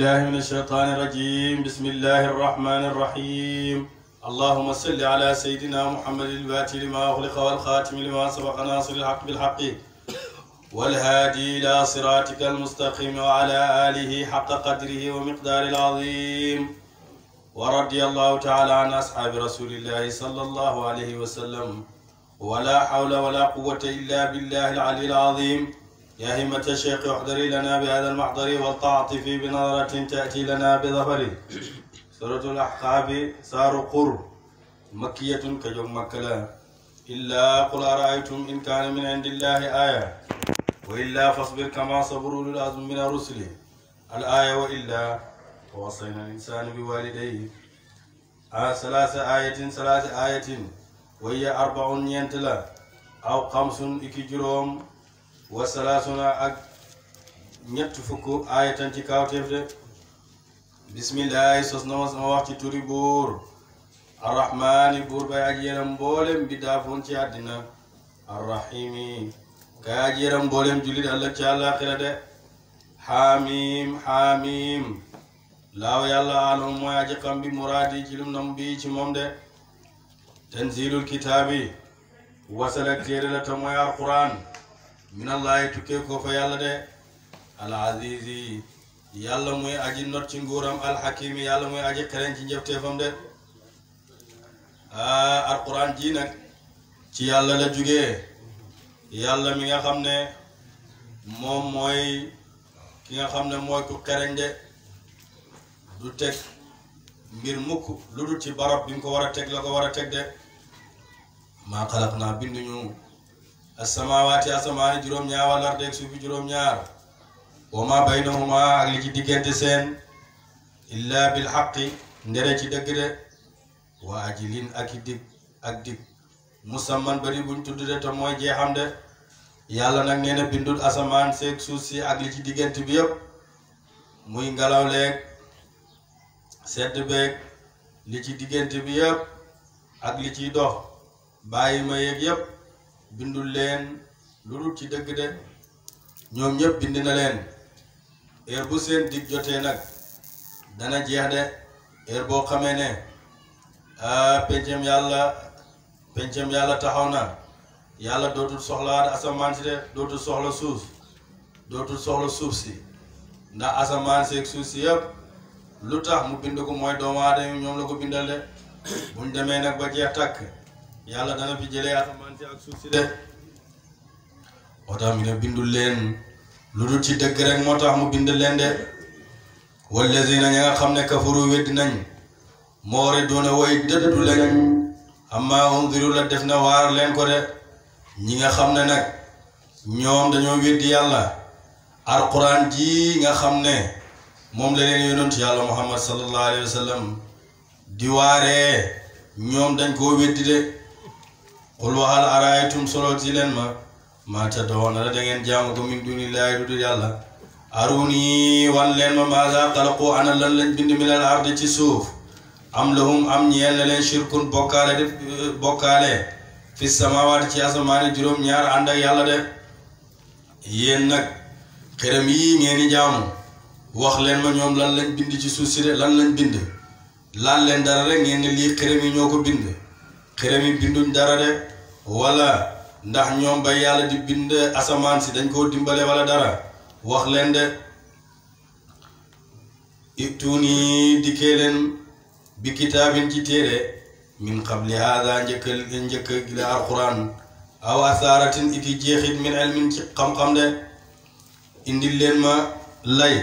الله من الشيطان الرجيم بسم الله الرحمن الرحيم اللهم صل على سيدنا محمد الفاتح لما أغلق والخاتم لما سبق ناصر الحق بالحق والهادي إلى صراطك المستقيم وعلى آله حق قدره ومقدار العظيم ورضي الله تعالى عن أصحاب رسول الله صلى الله عليه وسلم ولا حول ولا قوة إلا بالله العلي العظيم يا همة الشيخ احضري لنا بهذا المحضر والتعطفي بنظرة تأتي لنا بظفر سورة الأحقاب سار قرب مكية كجم مكة إلا قل أرأيتم إن كان من عند الله آية وإلا فاصبر كما صبر أولو العزم من الرسل الآية وإلا ووصينا الإنسان بوالديه آه ثلاث آية ثلاث آية وهي أربع ينتلا أو خمس إكجروم wa salaasuna ak ñett fukk aayatan ci kawteef de bismillaahi sos na wax ci turi buur arrahmaani buur bay aj yaram mboolem bi daafoon ci àddina kay aj yaram mboolem jullit ëllëg ci àllaaxira de xaamim xaamim laaw yàlla alam mooy aji bi muraadi ci lum nam bi ci moom de tanzilul kitaabi wasala téere la te mooy alquran minallahi tukkee ko fa yàlla de al azizi yàlla muy aji not ci nguuram al hakimi yàlla muy aji xereñ ci njëfteefam de ah al quran ji nag ci yàlla la jugee yàlla mi nga xam ne moom mooy ki nga xam ne mooy ku xereñ de du teg ngir mukk lu dul ci barab bi nga ko war a teg la ko war a teg de maa xalaq naa binduñu asamawaati asamaani juróom-ñaar wal ardi ak suufi juróom-ñaar wa ma baynahuma ak li ci diggante seen illa bil xaqi ndere ci dëgg de wa ak dig ak dig musamman bari buñ tudd de te mooy jeexam de yàlla nag nee na bindul asamaan seeg suuf si ak li ci diggante bi yëpp muy ngelaw leeg sedd beeg li ci diggante bi yëpp ak li ci dox bàyyi ma yëpp bindul leen lu dul ci dëgg de ñoom ñëpp bind na leen heure bu seen dig jotee nag dana jeex de heure boo xamee ne ah pencam yàlla pencam yàlla taxaw na yàlla dootul soxlaat asamaan si de dootul soxla suuf dootul soxla suuf si ndax asamaan seeg suuf si yëpp lu tax mu bind ko mooy doomu aadama ñoom la ko bindal de buñ demee nag ba jeex takk yàlla dana fi jëlee asamaan diggante ak suuf si de moo tax mu ne bindul leen lu dul ci dëgg rek moo tax mu bind leen de wallazina ña nga xam ne kafaru weddi nañ moore doona way dëddu lañ amma unziru la def na waar leen ko de ñi nga xam ne nag ñoom dañoo weddi yàlla alquran ji nga xam ne moom la leen yonent yàlla muhammad sallallahu alayhi wa ñoom dañ koo weddi de qul waxal araaytum solo si leen ma maa tad'uuna la da ngeen jaamu ko min duunillaahi du dul yàlla aruni wan leen ma maasaa xalaqu ana lan lañ bind minal ardi ci suuf am lahum am ñeel na leen shirkun bokkaale def bokkaale fi samaawaati ci asamaani juróom-ñaar ànd ak yàlla de yéen nag xërëm yii ngeen di jaamu wax leen ma ñoom lan lañ bind ci suuf si de lan lañ bind lan leen dara rek ngeen ne lii xërëm yi ñoo ko bind xërëm yi binduñ dara de wala ndax ñoom ba yàlla di bind asamaan si dañ koo dimbale wala dara wax leen de ittuuni dikkee leen bi kitaabin ci téere min qabli haada njëkk njëkk la alquran aw asaaratin iki jeexit min ilmin ci xam-xam de indil leen ma lay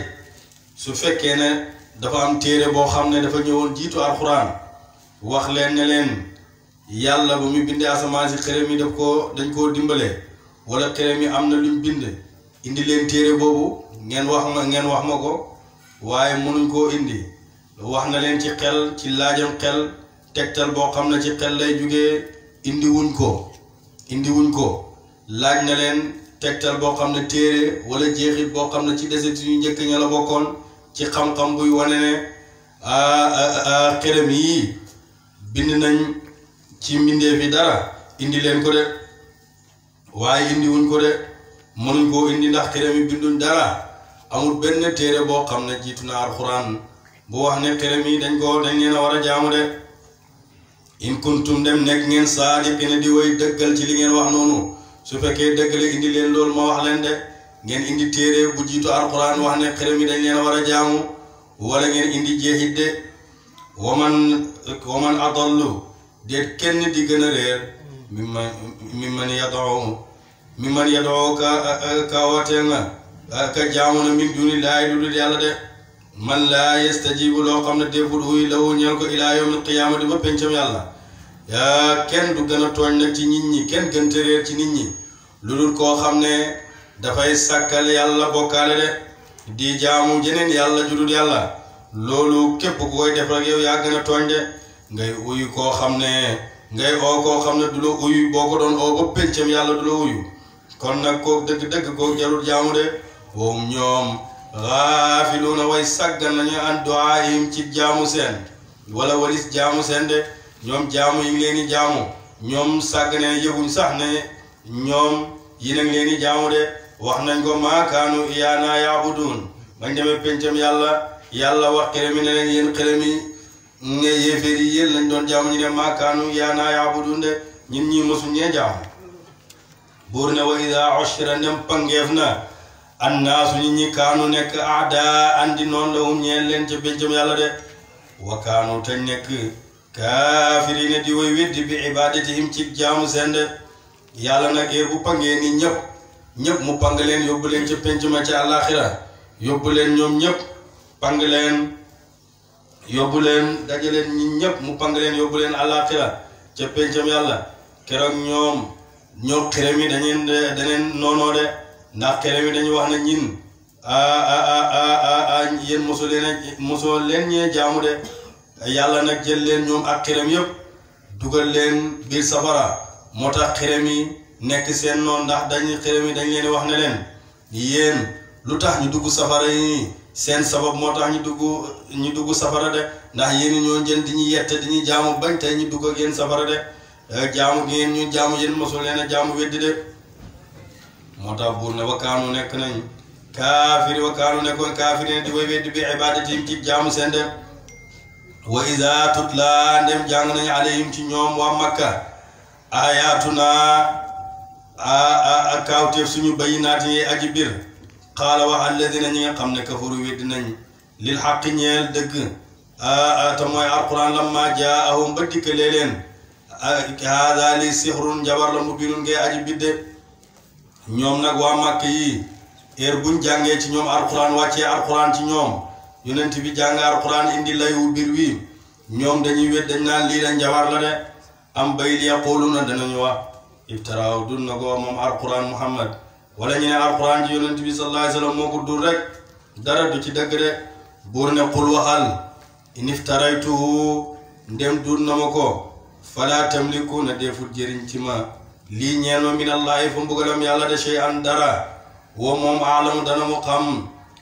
su fekkee ne dafa am téere boo xam ne dafa ñëwoon jiitu alquran wax leen ne leen yàlla ba muy bindee asamaan si xërëm yi daf ko dañ koo dimbalee wala xërëm yi am na luñ bind indi leen téere boobu ngeen wax ma ngeen wax ma ko waaye mënuñ koo indi wax na leen ci xel ci laajam xel tegtal boo xam ne ci xel lay jugee indi wuñ ko indi wuñ ko laaj na leen tegtal boo xam ne téere wala jeexit boo xam ne ci deset yu njëkk ña la bokkoon ci xam-xam buy wane ne ah, ah, ah, xërëm yi bind nañ ci mbindeef yi dara indi leen ko de waaye indi wuñ ko de mënuñ koo indi ndax xerem yi binduñ dara amul benn téere boo xam ne jiitu na alxuraan boo wax ne xerem dañ ko dañ leen a war a jaamu de in kuntum dem nekk ngeen saadiqina di way dëggal ci li ngeen wax noonu su fekkee dëggale indi leen loolu ma wax leen de ngeen indi téere bu jiitu alxuraan wax ne xerem yi dañ leen a war a jaamu wala ngeen indi jeexit de waman waman adallu déet kenn di gën a réer mm. mi man mi man yadoo mi man yadoo ka ka wootee nga ka jaamu na min duni laay du dul yàlla de man laa yastajibu loo xam ne déeful uy lawu ñeel ba pencam yàlla kenn du gën a tooñ nag ci nit ñi kenn gën te ci nit ñi lu dul koo xam ne dafay sàkkal yàlla bokkaale de di jaamu jeneen yàlla ju dul yàlla loolu képp ku koy def rek yow yàgg gën tooñ de ngay uyu koo xam ne ngay oo koo xam ne du la uyu boo ko doon oo ba péncam yàlla du la uyu kon nag koo dëgg-dëgg koo jarul jaamu de woom ñoom xaafiluuna way sàggan nañu an duaayim ci jaamu seen wala walis jaamu seen de ñoom jaamu yi ngi leen di jaamu ñoom sàggane yëguñ sax ne ñoom yi nag leen di jaamu de wax nañ ko maakaanu iyaanaa yaabudun bañ demee péncam yàlla yàlla wax xeremi ne leen yéen xeremi mu ngi yéeféer yi doon jaamu ñu ne maakaanu yaa naa yaabudun de ñun ñii mosu ñee jaamu buur wa ida oshira ndem pangeef na annaasu ñi ñi kaanu nekk aada andi noonu la hum ñeen leen ci béncam yàlla de wa kaanu tañ nekk kaafirina di way weddi bi ibadatihim ci jaamu seen de yàlla na ee bu pangee ni ñëpp mu pang leen yóbbu leen ca pénc ma ca àllaaxira yóbbu leen ñoom ñëpp pang yóbbu leen dajaleen ñi ñépp mu pang leen yóbbu leen àllaaxira ca péncam yàlla keroog ñoom ñoo xerem yi dañeen daneen noonoo de ndax xerem yi dañu wax na ñin a yéen mosu leen a mosoo leen ñee jaamu de yàlla nag jël leen ñoom ak xerem yépp dugal leen biir safara moo tax xerem yi nekk seen noon ndax dañu xerem yi dañ leen wax ne leen yéen lu tax ñu dugg safara yi seen sabab moo tax ñu dugg ñu dugg safara de ndax yéen ñoo jën di ñu yette di ñu jaamu bañ tey ñu dugg ak yéen safara de euh, jaamu gi ngeen ñu jaamu yéen mosul leen a jaamu weddi de moo tax buur ne wakaanu nekk nañ kaafiri wakaanu nekkoon kaafiri ne di way weddi bi ibadatihim ci jaamu seen de wa iza tutla ndem jàng nañu alayhim ci ñoom waa makka ayaatuna a a a kaawteef suñu bayinaat yi aji bir qaala wax alladina ñi nga xam ne kafaru weddi nañ lil xaqi ñeel dëgg a te mooy alquran lamma jaahum ba dikkalee leen haada li sixrun njabar la mubinun ngay aji bidde ñoom nag waa màkk yi eer buñ jàngee ci ñoom alquran wàccee alquran ci ñoom yonent bi jàng alquran indi layu bir wi ñoom dañuy wet dañ naan lii la am bay li yaquluna danañu wax ibtaraaw dun na goo moom alquran muhammad wala ñu ne alquran ji yonent bi sallallahu alayhi wasallam moo ko dul rek dara du ci dëgg de buur ne xul waxal iniftaraytuhu ndem dul na ma ko falaa tamliku na deful jëriñ ci ma lii ñeen ma min allahi fa mbugalam yàlla de shay an dara woo moom aalamu dana mu xam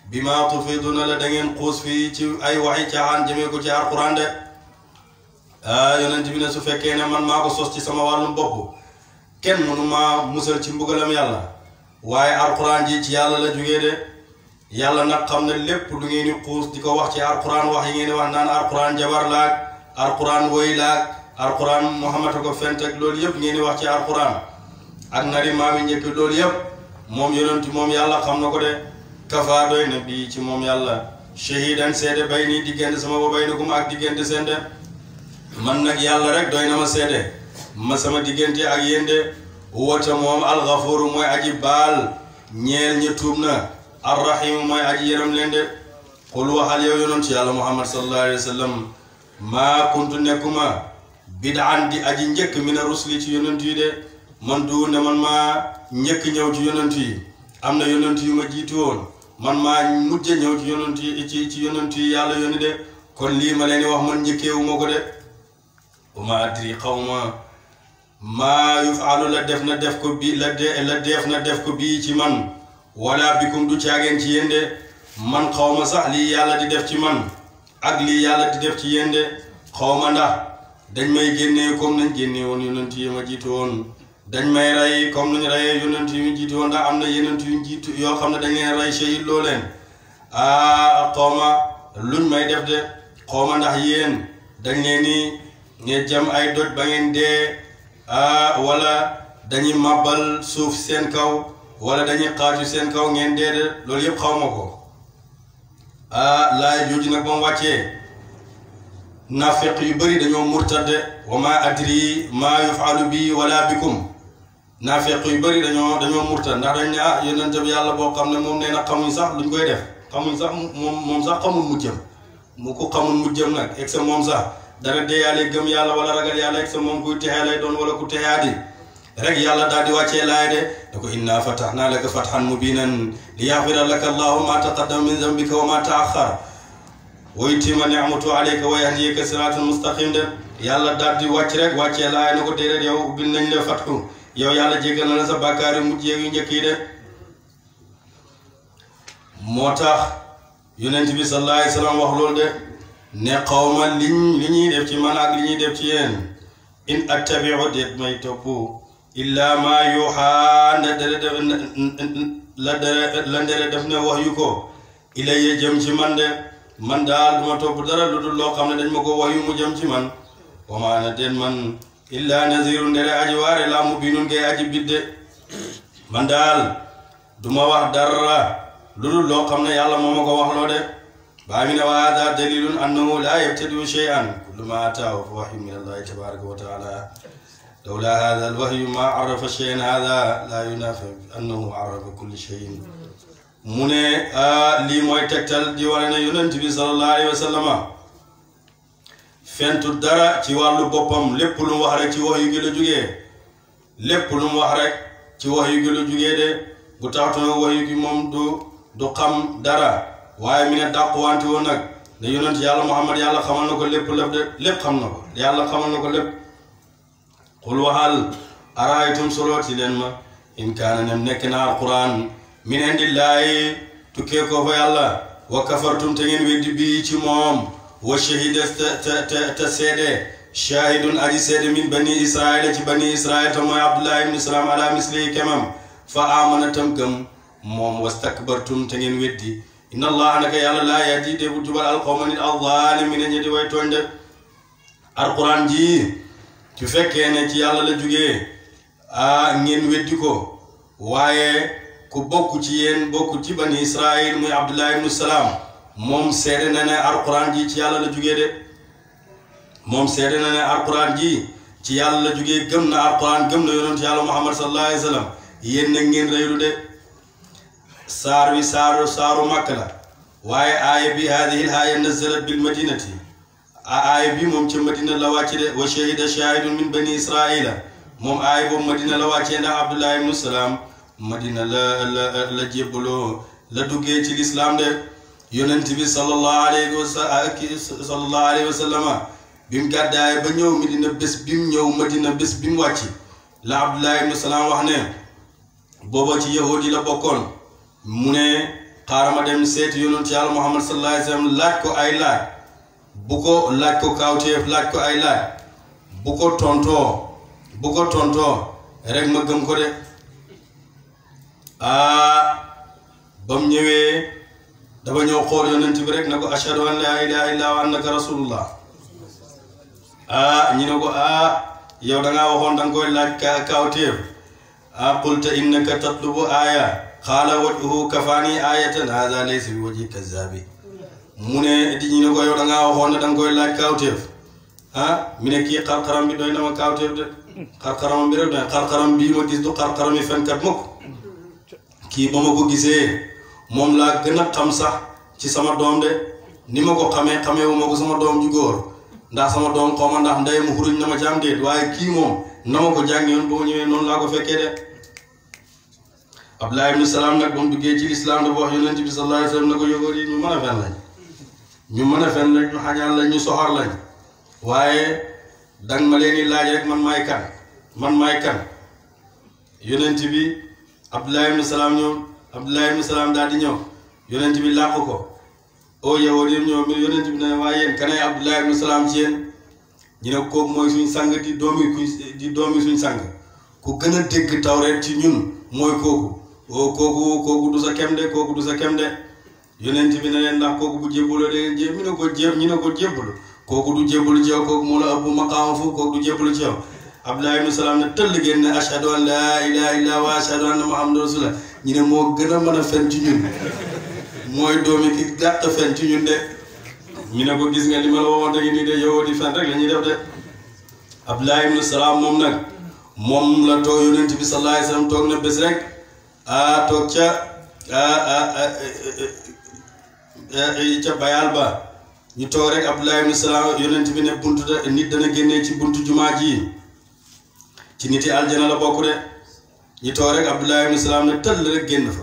bi ma tufiduna la da xuus fii ci ay waxi caaxaan jëmee ko ci alquran de ah bi ne su fekkee ne man maa ko sos ci sama wàllum bopp kenn mënu maa musal ci mbugalam yàlla waaye alquran ji ci yàlla la jógee de yàlla nag xam na lépp lu ngeen di di ko wax ci alquran wax yi ngeen di wax naan alquran jabar laag alquran woy laag alquran muhammad ko fent loolu yëpp ngeen di wax ci alquran ak nari maami njëkk loolu yëpp moom yonent moom yàlla xam na ko de kafaa doy na bii ci moom yàlla shahidan seede bay nii diggante sama ba bay nakum ak diggante seen de man nag yàlla rek doy na ma seede sama diggante ak yéen huwa te moom alxafuru mooy aji baal ñeel ñi tuub na arrahimu mooy aji yaram leen de xul waxal yow yonent yàlla muhammad sallallahu alayhi wa sallam maa kuntu nekkuma bidaan di aji njëkk mina rusli ci yonent de man du ne man ma njëkk ñëw ci yonent am na yonent yu ma jiitu woon man ma mujj ñëw ci yonent yi ci ci yàlla yónni de kon lii ma leen wax man njëkkeewu ma ko de uma adri xaw ma maa yufaalu la def na def ko bi la de la def na def ko bii ci man wala bikum du caageen ci yéen de man xaw ma sax lii yàlla di def ci man ak lii yàlla di def ci yéen de xaw ma ndax dañ may génnee comme nañ génne woon yonent yi ma jiitu woon dañ may rey comme nañ reyee yonent yi ma jiitu woon ndax am na yonent yu jiitu yoo xam ne dañ leen rey shahid loo leen ah xaw ma luñ may def de xaw ma ndax yéen dañ leen ni ne jam ay doj ba ngeen dee. Ah, wala dañuy màbbal suuf seen kaw wala dañuy xaaju seen kaw ngeen dee de loolu yëpp xaw ma ko ah, laay jooju nag ba mu wàccee naafeq yu bari dañoo murtadde wa ma adri ma yufalu bi wala bikum naafeq yu bëri dañoo dañoo murtad ndax dañ ne ah yonente bi yàlla boo xam ne moom nee na xamuñ sax luñ koy def xamuñ sax moom moom sax xamul mujjëm mu ko xamul mujjëm nag egg sa moom sax dana deeyaale gëm yàlla wala ragal yàlla ak sa moom kuy texee lay doon wala ku texeaati rek yàlla daal di wàccee laaya de da ko inna fatahna laka fathan mubinan li yaxfira laka allahu ma taqaddama min zambika wa ma taaxar wa yutimma ni'matahu alayka wa yahdiyaka siratan mustaqim de yàlla daal di wàcc rek wàccee laaya na ko déedéet yow ubbil nañ le fathu yow yàlla jéggal na la sa bàkkaar yu mujj yu njëkk yi de moo tax bi sallallahu alayhi de ne xaw ma li li ñuy def ci man ak li ñuy def ci yéen in attabiu déet may topp illa ma yuuxaa na dere def la dere def ne wax yu ko ilayya ci man de man daal du ma topp dara lu dul loo xam ne dañ ma ko wax jëm ci man wa maa ana den man illa nazirun ndere aji waare la aji bidde man daal du ma dara lu dul loo ne yàlla moo ma ko de باقي وهذا دليل أنه لا يبتدئ شيئا كل ما أتاه فوحي من الله تبارك وتعالى لولا هذا الوحي ما عرف شيئا هذا لا ينافي أنه عرف كل شيء mu ne lii mooy tegtal di wane ne yonent bi sallallahu alayhi wa sallama fentu dara ci wàllu boppam lépp lu mu ci wax yu gi la jugee lépp lu mu ci wax yu gi de bu taxtoon wax yu gi moom du du xam dara waaye mi ne dàq wante woon nag ne yonent yàlla Muhammad yàlla xamal na ko lépp lépp de lépp xam yàlla xamal na ko lépp xul waxal leen ma in kaana nem nekk na alquran min indillaahi tukkee ko fa yàlla wa kafartum te ngeen weddi bii ci moom wa shahidas te te te seede seede min bani israila ci bani israil te mooy abdullah ibn salaam ala mislihi kemam fa amana tam gëm moom wastakbartum te ngeen weddi inna allaha naka yàlla laa yahdi dee bu jubal alqawma nit alzaalimiina ñi di way tooñ de ji su fekkee ne ci yàlla la jugee a ngeen weddi ko waaye ku bokk ci yéen bokk ci bani israil muy abdullah ibnu salaam moom seede na ne alquran ji ci yàlla la jugee de moom seede na ne alquran ji ci yàlla la jugee gëm na alquran gëm na yonent yàlla muhammad sallallahu alayhi wa sallam ngeen reylu de saar wi saaru saaru màkk la waaye aaya bi haadihi aaya nazalat bil madinati aaya bi moom ca madina la wàcce de wa shahida shahidun min bani israila moom aaya boobu madina la wàccee na abdullah ibnu salaam madina la la duggee ci lislaam de yonent bi sallallahu alayhi wa bi mu gàddaay ba ñëw madina bés bi mu ñëw la abdullah ibnu wax ne booba ci yahudi la bokkoon mu ne xaaral ma dem seeti yonent yàlla muhammad sallallahu alayhi laaj ko ay laaj bu ko laaj ko kaawteef laaj ko ay laaj bu ko tontoo bu ko tontoo rek ma gëm ko de aa ah, ba mu ñëwee dafa ñëw xool yonent bi rek na ko ashhadu an laa ilaaha illaa wa annaka rasulullah aa ah, ñu ne ko aa ah, yow da waxoon da nga koy laaj ka kaawteef a qulta innaka tatlubu aaya xaala wajhuhu kafaani ayatan haza laysa bi waji kazaabi mu ne di ñu ne ko yow da ngaa waxoon ne koy laaj kaawteef ah mi ne kii xarxaram bi doy na ma kaawteef de xarxaram bi rek doy ma gis du xarxaram fenkat mukk kii ba ma ko gisee moom laa gën a xam sax ci sama doom de ni ma ko xamee xamee wu ma ko sama doom ju góor ndax sama doom xaw ma mu xuruñ na ma jaam déet waaye kii moom na ma ko jàngee woon ba mu ñëwee noonu laa ko fekkee de. Abdullah ibn Salaam nag ba mu duggee ci lislaam dafa wax yonent bi sallallahu alayhi wa sallam ko yóbbu yi ñu mën a fen lañ ñu mën a fen lañ ñu xañaan soxor lañ waaye dang ma leen di laaj rek man maay kan man maay kan yonent bi Abdullah ibn Salaam ñëw Abdullah ibn Salaam daal di ñëw yonent bi làq ko oo yowoon yéen ñoo mais yonent bi ne waaye yéen kanay Abdullah ibn Salaam ci yéen ñu ne kooku mooy suñ sang di doomi di doomi suñ sang ku gën a dégg tawreet ci ñun mooy kooku oo oh, kooku kooku du sa kem de kooku du sa kem de yonent bi ne leen ndax kooku bu jébbaloo da ngeen jéem ñu ne ko jéem ñu ne ko jébbalu kooku du jébbalu ci yow kooku moo la ëpp maqaama fu kooku du jébbalu ci yow Abdullah ibn Salaam ne tëll génn ne ashhadu an laa ilaaha illa wa ashhadu anna Muhammadan rasulullah ñu ne moo gën a mën a fen ci ñun mooy doomi ki gàtt fen ci ñun de ñu ne ko gis nga li ma la waxoon rek nii de yow di fen rek la ñuy def de Abdullah ibn Salaam moom nag moom la toog yonent bi sallallahu alayhi wa sallam toog na bés rek. a toog ca ca bayal ba ñu toog rek Abdullah ibn Salaam yonent bi ne buntu da nit dana génnee ci buntu jumaa ji ci nit yi aljana la bokk de ñu toog rek Salaam ne tëll rek génn fa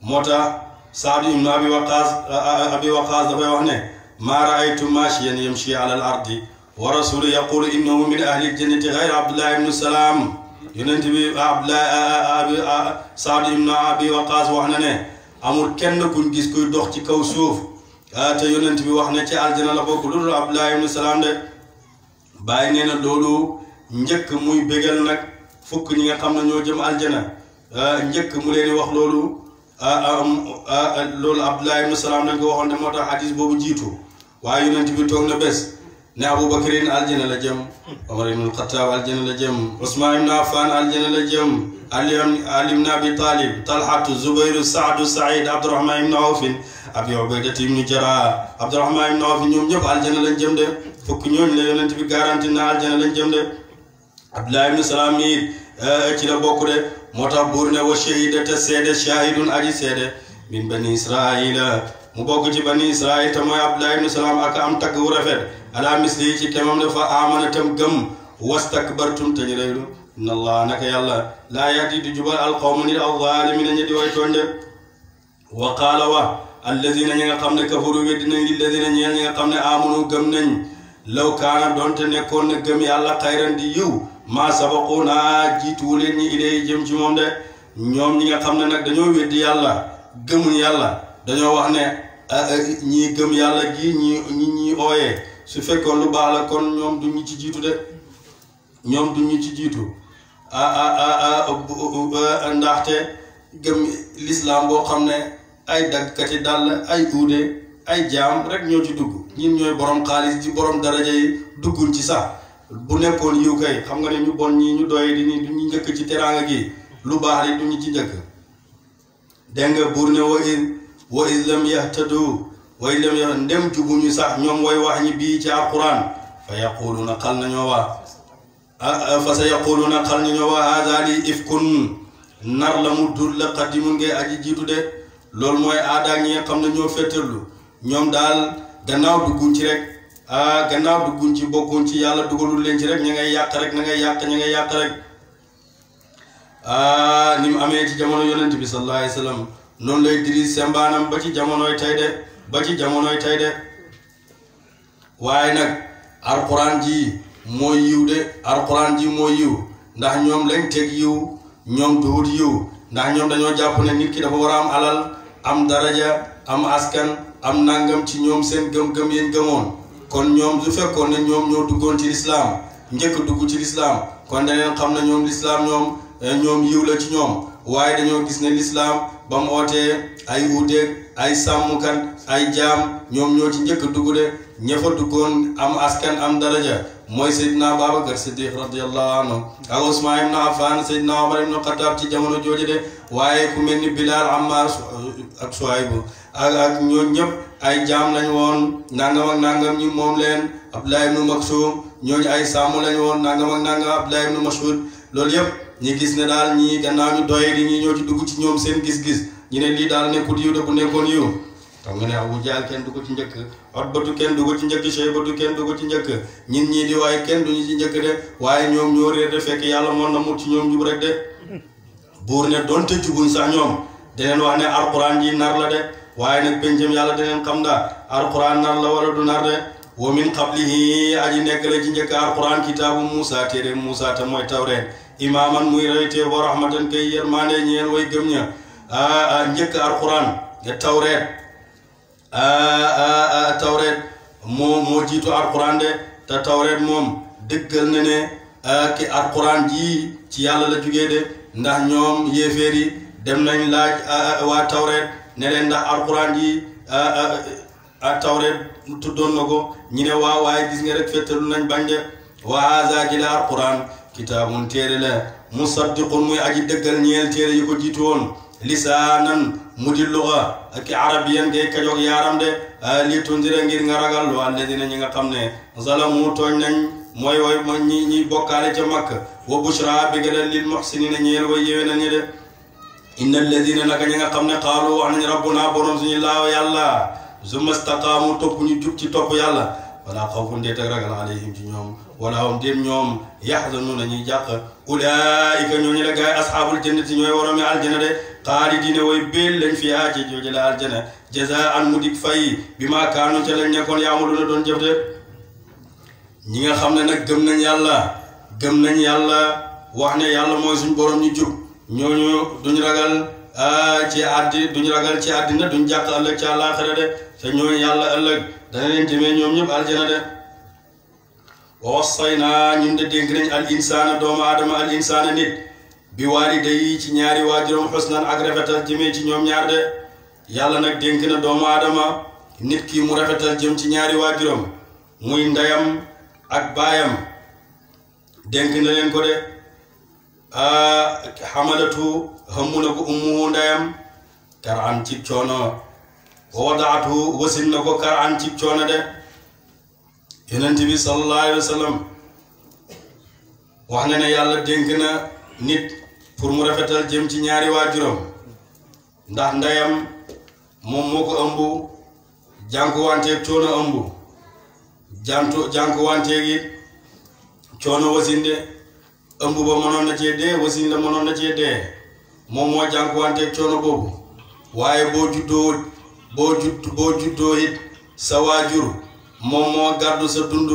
moo tax Saad ibn Abi Waqaas Abi Waqaas dafay wax maa raaytu maashiyan yamshi ala al ardi wa rasulu yaqulu innahu ahli al jannati ghayra Abdullah ibn Salaam yonent bi Abdulaay Saad ibn Abi Waqaas wax na ne amul kenn kuñ gis kuy dox ci kaw suuf ah, te yonent bi wax na ci aljana la bokk loolu Abdulaay ibn Salaam de bàyyi nee na loolu njëkk muy bégal nag fukk ñi nga xam ne ñoo jëm aljana ah, njëkk mu leen wax loolu loolu Abdulaay mu salaan dañ ko waxoon ne moo tax hadis boobu jiitu waaye yonent bi toog na bés ne aboubacrine aljana la jëm omar ibn alxataab aljana la jëm usmaan ibn affan aljana la jëm ali ibn abi talib talhatu zubayru saadu said abdourahman ibn awfin abi ubaydata ibn jara abdourahman ibn awfin ñoom ñëpp aljana lañ jëm de fukk ñooñu la yonent bi garanti na aljana lañ jëm de abdullah ibn salaam yi eh, ci la bokk de moo tax buur ne wa shahidata seede shahidun aji seede min bani israila mu bokk ci bani israil te mooy abdullah ibnu salaam ak am tagg wu rafet ala ci kemam dafa amana tam gëm wastakbartum te ñu rëylu inna allah naka yàlla laa yahdi du jubal alqawma nit alzalimina ñi di way tooñde wa qaala wa alladina ñi nga xam ne kafaru weddi nañ lilladina ñeel ñi ne amanu gëm nañ law kaana doonte nekkoon na gëm yàlla xayran di yiw maa sabaquna jiituwu leen ñi ilay jëm ci moom de ñoom ñi nga xam ne nag dañoo weddi yàlla gëmuñ yàlla dañoo wax ne ah, ah, ñii gëm yàlla gii ñi ñi ñi ooyee su fekkoon lu baax la kon ñoom du ñu ci jiitu de ñoom du ñu ci jiitu ah, ndaxte gëm lislaam boo xam ne ay daggkati dàll ay uude ay jaam rek ñoo ci dugg ñun ñooy borom xaalis di borom daraja yi duggul ci sax bu nekkoon yiw kay xam nga ne ñu bon ñii ñu doy di ni ñu njëkk ci teraanga gi lu baax rek du ñu ci njëkk dégg buur ne wa wa in lam yahtadu wa in lam ya ndem jubuñu sax ñoom way wax ñi bii ci alquran fa yaquluuna xal nañoo waa fa sa yaquluuna xal nañoo waa haada li ifkun nar la mu dur la qadimun ngay aji jiitu de loolu mooy aada ñi nga xam ñoo fetterlu ñoom daal gannaaw dugguñ ci rek ah gannaaw dugguñ ci bokkuñ ci yàlla dugalul leen ci rek ña ngay yàq rek ña ngay yàq ña ngay yàq rek ah ni mu amee ci jamono yonent bi sallallahu wa sallam noonu lay diri sembaanam ba ci jamonoy tey de ba ci jamonoy tey waaye nag alxuraan ji mooy yiw de alxuraan ji moo yiw ndax ñoom lañ teg yiw ñoom duhut yiw ndax ñoom dañoo jàpp ne nit ki dafa war a am alal am daraja am askan am nangam ci ñoom seen gëm-gëm yéen gëmoon kon ñoom su fekkoon ne ñoom ñoo duggoon ci lislaam njëkk dugg ci lislaam kon daneen xam ne ñoom lislaam ñoom eh, ñoom yiw la ci ñoom waaye dañoo gis ne lislaam ba mu ootee ay uuteeg ay sàmmkat ay jaam ñoom ñoo ci njëkk dugg de ña duggoon am askan am daraja mooy Seydina Babacar Siddiq radiyallahu anhu ak Usmaan ibn Affan Seydina Omar ibn Xataab ci jamono jooju de waaye ku mel ni Bilal Ammar ak Suhaybu ak ak ñëpp ay jaam lañ woon nangam ak nangam ñi moom leen Abdullah ibn Maktum ñooñu ay sammu lañu woon na nangam ak nangam Abdullah ibn Mas'ud loolu yëpp ni gis ne daal ñii gannaaw ñu doye di ñi ñoo ci dugg ñoom seen gis-gis ñu ne lii daal nekkut yiw de bu nekkoon yiw xam nga ne Abu Jahl kenn du ko ci njëkk Utbatu kenn du ko ci njëkk Shaybatu kenn du ko ci njëkk ñin waaye kenn duñu ci de waaye ñoom ñoo réer de yàlla moon na mut ci ñoom jub rek de buur ne donte jubuñ sax ñoom deneen wax ne alquran ji nar la de waaye nag pencam yàlla deneen xam ndaa alquran nar la wala du nar de wa min qablihi aji nekk la ci njëkk alquran kitaabu Muusa téere Muusa te mooy tawreet imaaman muy raytee wa rahmatan kay yërmaande ñeel woy gëm ña njëkk alquran tawreet tawreet moo moo jiitu alquran de te tawreet moom dëggal na ne ki alquran jii ci yàlla la jugee de ndax ñoom yéeféer yi dem nañ laaj waa tawreet ne leen ndax alquran jii tawreet tuddoon na ko ñu ne waaw waaye gis nga rek fettalu nañ bañ de waa haza ji la alquran kitaabun téere la musaddiqun muy aji dëggal ñeel téere yi ko jiitu woon lisaanan mu di luga ak arabiyan ngay kajoog yaaram de li tundira ngir nga ragal wa alladina ñi nga xam ne zalamu tooñ nañ mooy way ñi ñi bokkaale ca makk wa bushra bégalal lil muhsinina ñeel way yéwé nañu de inna alladina naka ñi nga xam ne qaalu wax nañ rabbuna borom suñu laaw yàlla summa staqaamu topp ñu jub ci topp yàlla wala xawfun dee tag ragal alayhim ci ñoom wala hum dem ñoom yaxzanuuna ñuy jàq ulaayika ñooñu la gaay asxaabul jannati ñooy waroom yi aljana de xaalidiina way béel lañ fi yaa ci jooju la aljana jazaan mu dig fay bi ma kaanu ca lañ nekkoon yaamaluuna doon jëf de ñi nga xam ne nag gëm nañ yàlla gëm nañ yàlla wax ne yàlla mooy suñ borom ñu jub ñooñu duñ ragal ci addi duñ ragal ci àddina duñ jàq ëllëg ci àllaaxira de te ñooñu yàlla ëllëg dana leen jëmee ñoom ñëpp aljana de wa wasaynaa ñun de al insaana doomu aadama al insaana nit bi waaliday ci ñaari waajuram xusnan ak rafetal jëmee ci ñoom ñaar de yàlla nag dénk doomu aadama nit kii mu rafetal jëm ci ñaari waajuram muy ndeyam ak baayam dénk na leen ko de xamalatu xamu na ko ummuhu ndeyam kar an cib coono wa wadaatu wasin na kar an cib de yonent bi sallallahu alayhi wa sallam wax na ne yàlla dénk na nit pour mu rafetal jëm ci ñaari waajuram ndax ndeyam moom moo ko ëmb jànkuwanteeg coono ëmb jàntu jànkuwanteeg it coono wasinde ëmb ba mënoon na cee dee wasinde mënoon na cee dee moom moo jànkuwanteeg coono boobu waaye boo juddoo boo juddoo it sa waajur moom moo gàddu sa dund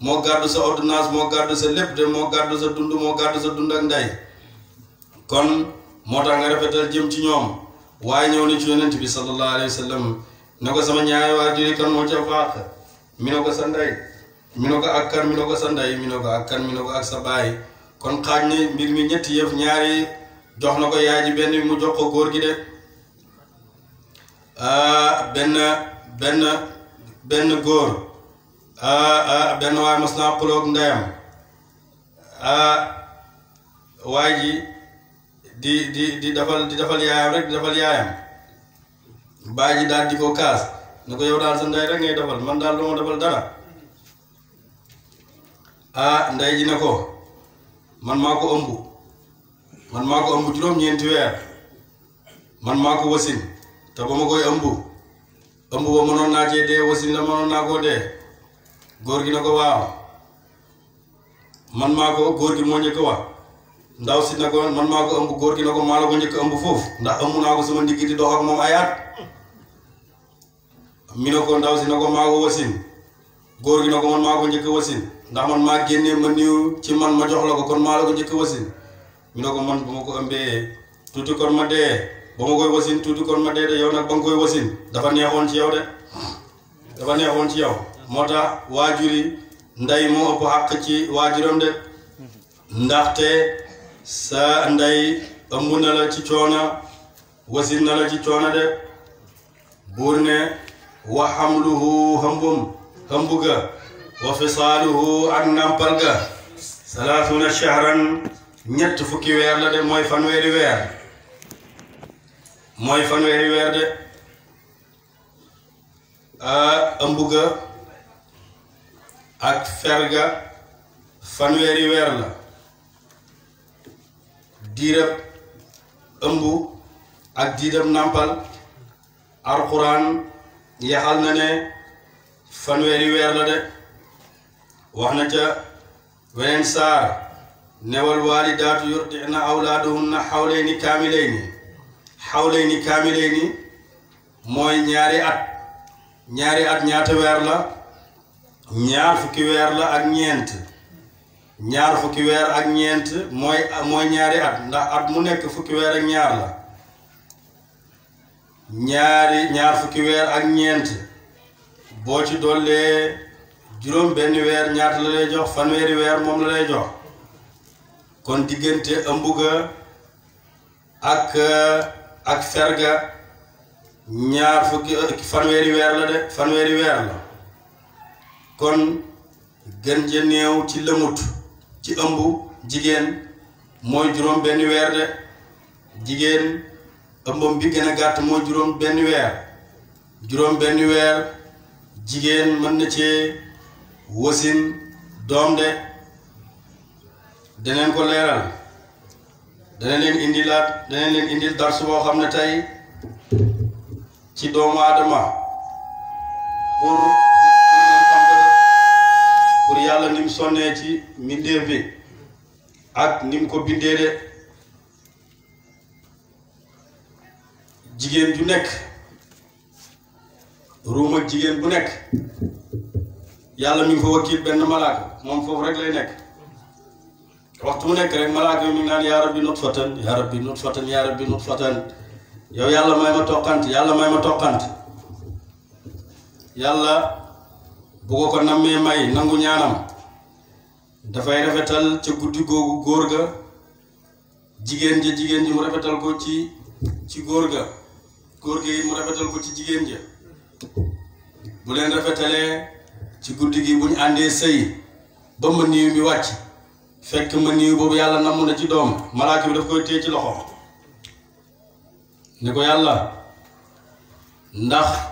moo gàddu sa ordonnance moo gàddu sa lépp de moo gàddu sa dund moo gàddu sa dund ak ndey kon moo tax nga rafetal jëm ci ñoom waaye ñëw na ci yonent bi sallallahu alayhi wa sallam ne ko sama ñaari waajur kan moo ca faax mi ne ko sa ndey mi ne ko ak kan mi ne ko sa ndey mi ne ko ak kan mi ne ko ak sa baay kon xaaj ne mbir mi ñetti yëf ñaari jox na ko yaay ji benn bi mu jox ko góor gi de ah, benn benn benn góor Ah, ah, benn waay mas naa xulóog ndeyam ah, waay ji di di di defal di defal yaayam rek di defal yaayam baay ji daal di ko kaas ne ko yow sa ndey rek ngay defal man daal duma defal dara ah ndey ji ne ko man maa ko ëmb man maa ko ëmb juróom-ñeenti weer man maa ko wasin te ba ma koy ëmb ëmb ba mënoon naa cee dee wasin la mënoon naa koo dee góor gi na ko waaw man maa góor gi moo njëkk wax ndaw si na ko man maa ko ëmb góor gi na ko maa la ko njëkk ëmb foofu ndax ëmb naa ko sama ndigg di dox ak moom ayaat mi na ko ndaw si na ko maa wasin góor gi na ko man maa ko njëkk wasin ndax man maa génnee ma niw ci man ma jox la ko kon maa la ko njëkk wasin mi na ko man bu ma ko ëmbee tuuti kon ma dee ba ma koy wasin tuuti kon ma dee de yow nag ba nga wasin dafa neexoon ci yow de dafa neexoon ci yow moo tax waajur ndey moo ëpp xàq ci waajuram de ndaxte sa ndey ëmb na la ci coona wasin coona de buur ne wa xamluhu hëmbum hëmb wa fisaaluhu ak nàmpal salaatuna shahran ñett fukki weer la de mooy fanweeri weer mooy fanweeri weer de ëmb ak ferga fanweeri weer la diirab ëmb ak diirab nàmpal alxuraan yaxal na ne fanweeri weer la de wax na ca weneen saar newal waalidaatu yurdina awlaadahunna xawlayni kaamilayni xawlayni kaamilayni mooy ñaari at ñaari at ñaata weer la ñaar fukki weer la ak ñeent ñaar fukki weer ak ñeent mooy mooy ñaari at ndax at mu nekk fukki weer ak ñaar la ñaari ñaar fukki weer ak ñeent boo ci dollee juróom benn weer ñaata la lay jox fanweeri weer moom la lay jox kon diggante ëmb ak ak ferga ñaar fukki fanweeri weer la de fanweeri weer la kon gën ja néew ci lëmut ci ëmb jigéen mooy juróom benn weer de jigéen ëmbam bi gën a gàtt mooy juróom benn weer juróom benn weer jigéen mën na cee wasin doom de daneen ko leeral daneen leen indilaat laat daneen leen indil dars boo xam ne tey ci doomu aadama pour yàlla ni mu sonnee ci mbindeef bi ak ni mu ko bindee de jigéen ju nekk ruum jigéen bu nekk yàlla mi ngi fa wakiil benn malaaka moom foofu rek lay nekk waxtu mu nekk rek malaaka yi mi ngi naan yaa rabbi nutfatan yaa rabbi nutfatan yaa rabbi nutfatan yow yàlla may ma toqant yàlla may ma toqant yàlla bu ko ko nammee may nangu ñaanam dafay rafetal ca guddi googu góor ga jigéen ja jigéen ji mu rafetal ko ci ci góor ga góor ga yi mu rafetal ko ci jigéen ja bu leen rafetalee ci guddi gi bu ñu àndee sëy ba ma niiw mi wàcc fekk ma niiw boobu yàlla namm na ci doom malaaka bi daf koy téye ci loxo ne ko yàlla ndax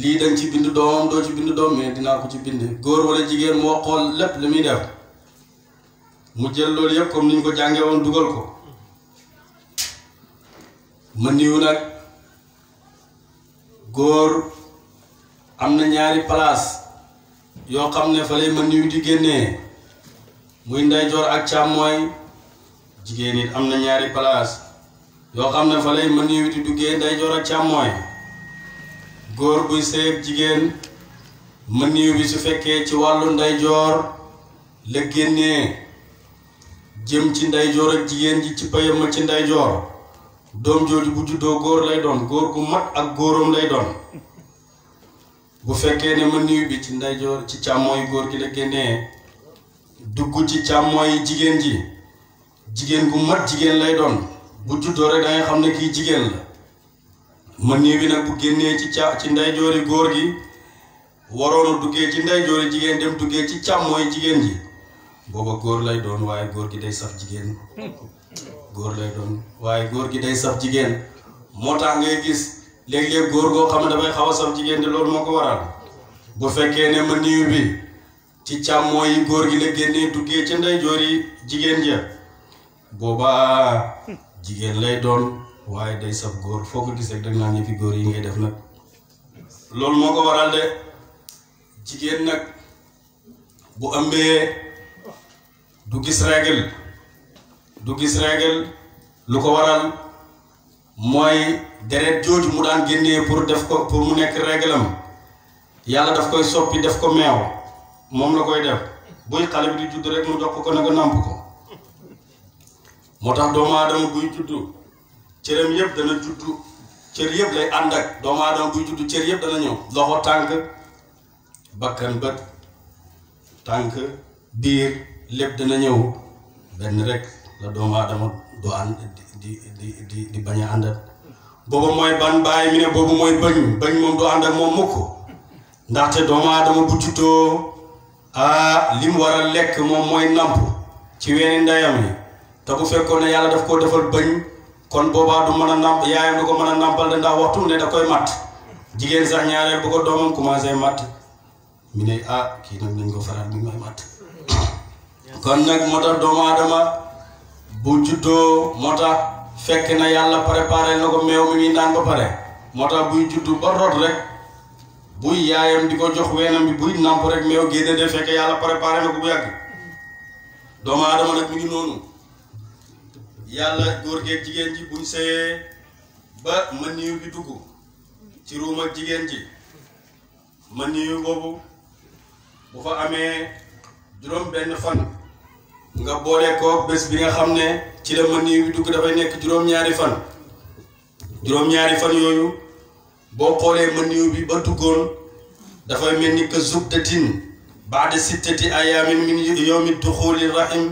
lii dañ ci bind doom doo ci bind doom mais dinaa ko ci bind góor wala jigéen moo xool lépp li muy def mu jël loolu yëpp comme niñ ko jàngee woon dugal ko niw nag góor am na ñaari palaas yoo xam ne fa lay ma niw di génnee muy ndeyjoor ak càmmooy jigéen it am na ñaari place yoo xam ne fa lay ma niw di duggee ndeyjoor ak càmmooy góor buy sëyeeg jigéen mëniw bi su fekkee ci wàllu ndeyjoor la génnee jëm ci ndeyjoor ak jigéen ji ci payam ci ndeyjoor doom jooju bu juddoo góor lay doon góor gu mag ak góoram lay doon bu fekkee ne mëniw bi ci ndeyjoor ci càmmooy góor gi la génnee dugg ci càmmooy jigéen ji jigéen gu mat jigéen lay doon bu juddoo rek da nga xam ne kii jigéen la ma nii bi nag bu génnee ci ca ci ndeyjoori góor gi waroon a duggee ci ndeyjoori jigéen dem duggee ci càmmooy jigéen ji booba góor lay doon waaye góor gi day saf jigéen góor lay doon waaye góor gi day saf jigéen moo tax ngay gis léeg-léeg góor goo xam ne dafay xaw a saf jigéen te loolu moo ko waral bu fekkee ne ma niiw bi ci càmmooy yi góor gi la génnee duggee ci ndeyjoori jigéen ja booba jigéen lay doon waaye day sab góor foo ko gis rek da nga naan góor yi ngay def nag loolu moo ko waral de jigéen nag bu ëmbee du gis règle du gis règle lu ko waral mooy deret jooju mu daan génnee pour def ko pour mu nekk règle yàlla daf koy soppi def ko meew moom la koy def buy xale bi di judd rek mu jox ko ne ko nàmp ko moo tax doomu aadama buy judd cëram yëpp dana juddu cër yëpp lay ànd ak doomu aadama buy juddu cër yëpp dana ñëw loxo tànk bakkan bët tànk biir lépp dana ñëw benn rek la doomu aadama du ànd di di di di bañ a ànd boobu mooy ban bàyyi mi ne boobu mooy bëñ bëñ moom du ànd ak moom mukk ndaxte doomu aadama bu juddoo ah, war a lekk moom mooy namp ci weeni ndeyam yi te fekkoon ne yàlla daf koo defal bëñ kon boobaa du mën a nàmp yaayam du ko mën a nàmpal de ndax waxtu ne da koy mat jigéen sax ñaar bu ko doomam commencé mat mi ne ah kii nag nañ nag moo tax doomu aadama bu juddoo moo tax fekk na yàlla préparé na ko meew mi muy naan ba pare moo tax buy juddu ba rot rek buy yaayam di ko jox weenam bi buy nàmp rek meew génne de fekk yàlla préparé na ko bu yàgg doomu aadama nag mi ngi noonu yàlla góor geeg jigéen ji buñ sëyee ba mën niyu bi dugg ci ruum jigéen ji mën niyu boobu bu fa amee juróom benn fan nga boole koo bés bi nga xam ne ci la mën niyu bi dugg dafay nekk juróom-ñaari fan juróom-ñaari fan yooyu boo xoolee mën niyu bi ba duggoon dafay mel ni que zubdatin baada sittati ayaamin min yowmi duxuli rahim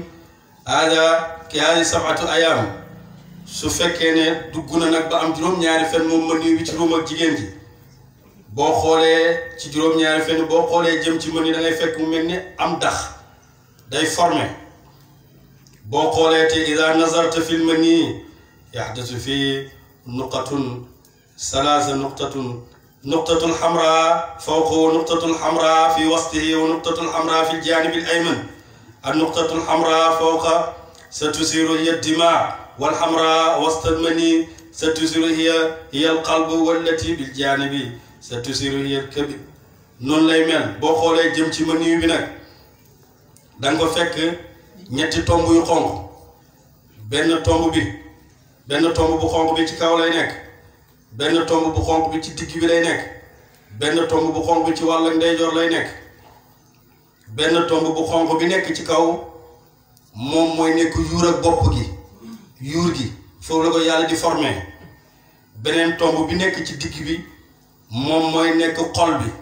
aada kiyaari sabatu ayaam su fekkee ne dugg na ba am juróom-ñaari fen moom mëni wi ci ak jigéen ji boo xoolee ci juróom-ñaari fen boo xoolee jëm ci mëni da ngay fekk mu mel ni am dax day forme boo xoolee te ida nazarta fil mëni yaxdatu fii nuqatun salaasa nuqtatun nuqtatul xamra fawqahu nuqtatul xamra fi wastihi wa nuqtatul xamra fi l jaanibil ayman ak nuqtatul xamra fawqa ستسير هي الدماء والحمراء وسط المني ستسير هي هي القلب والتي بالجانب ستسير هي الكبد noonu lay mel boo xoolee jëm ci menu bi nag danga ko fekk ñetti tong yu xonq benn tomb bi benn tomb bu xonq bi ci kaw lay nekk benn tomb bu xonq bi ci digg bi lay nekk benn tomb bu xonq bi ci wàll ndeyjoor lay nekk benn tomb bu xonq bi nekk ci kaw moom mooy nekk yuur ak bopp gi yuur gi foofu la ko yàlla di formé beneen tomb bi nekk ci digg bi moom mooy nekk xol bi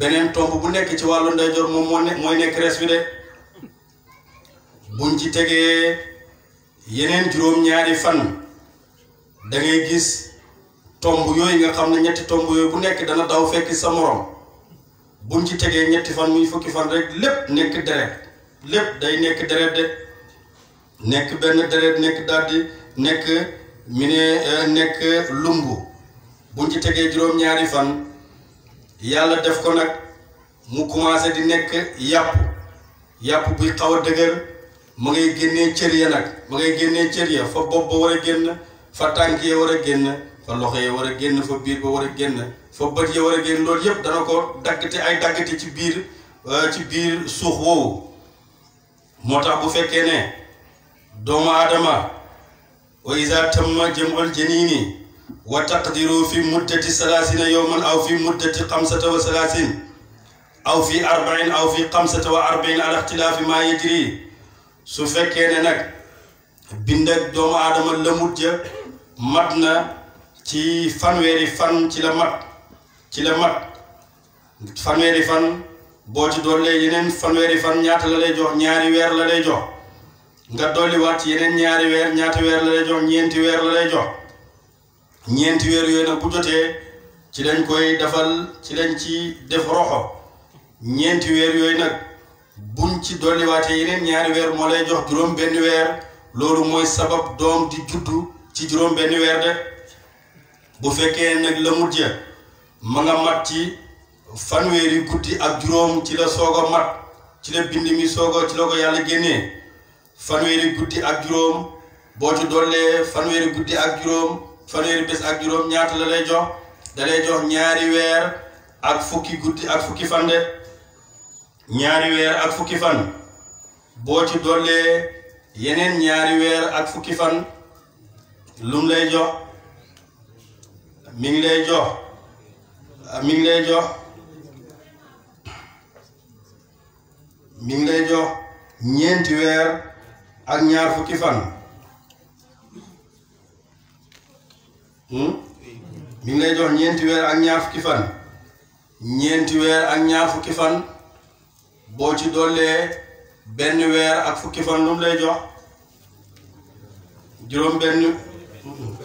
beneen tomb bu nekk ci wàllu ndeyjoor moom moo nekk mooy nekk res de buñ ci tegee yeneen juróom-ñaari fan da ngay gis tomb yooyu nga xam ne ñetti tomb yooyu bu nekk dana daw fekk sa morom buñ ci tegee ñetti fan muy fukki fan rek lépp nekk deret lépp day nekk deret de nekk benn deret nekk daal di nekk mi ne euh, nekk lumbu buñ ci tegee juróom-ñaari fan yàlla def ko nag mu commencé di nekk yàpp yàpp buy xaw a dëgër mu ngay génnee cër ya nag mu ngay génnee cër ya fa bopp ba war a génn fa tànk ya war a génn fa loxo ya war a génn fa biir ba war a génn fa bët ya war a génn loolu yëpp dana ko daggte ay daggte ci biir euh, ci biir suux woowu moo tax bu fekkee ne doomu aadama wa iza tamma jam'ul janini wa taqdiru fi muddati salaasina yawman aw fi muddati xamsata wa salaasin aw fi arbain aw fi xamsata wa arbain ala maa yajri su fekkee ne nag bind doomu aadama lëmut ja mat na ci fanweeri fan ci la mat ci la mat fanweeri fan boo ci dollee yeneen fanweeri fan ñaata la lay jox ñaari weer la lay jox nga dolliwaat yeneen ñaari weer ñaata weer la ñeenti weer la lay jox ñeenti weer yooyu nag bu jotee ci lañ koy defal ci lañ ci def ñeenti weer yooyu nag buñ ci dolliwaatee yeneen ñaari weer moo lay jox juróom benn weer loolu mooy sabab doom di juddu ci juróom benn weer de bu fekkee nag la mujje ma nga mat ci fanweeri guddi ak juróom ci la soog a mat ci la bind mi soog a ci la ko yàlla génnee fanweeri guddi ak juróom boo ci dollee fanweeri guddi ak juróom fanweeri bés ak juróom ñaata la lay jox da lay jox ñaari weer ak fukki guddi ak fukki fan de ñaari weer ak fukki fan boo ci dollee yeneen ñaari weer ak fukki fan lum lay jox mi ngi lay jox mi ngi lay jox mi ngi lay jox ñeenti weer ak ñaar fukki fan mi hmm? lay jox ñeenti weer ak ñaar fukki fan ñeenti weer ak ñaar fukki fan boo ci dollee benn weer ak fukki fan lu mu lay jox juróom benn hmm.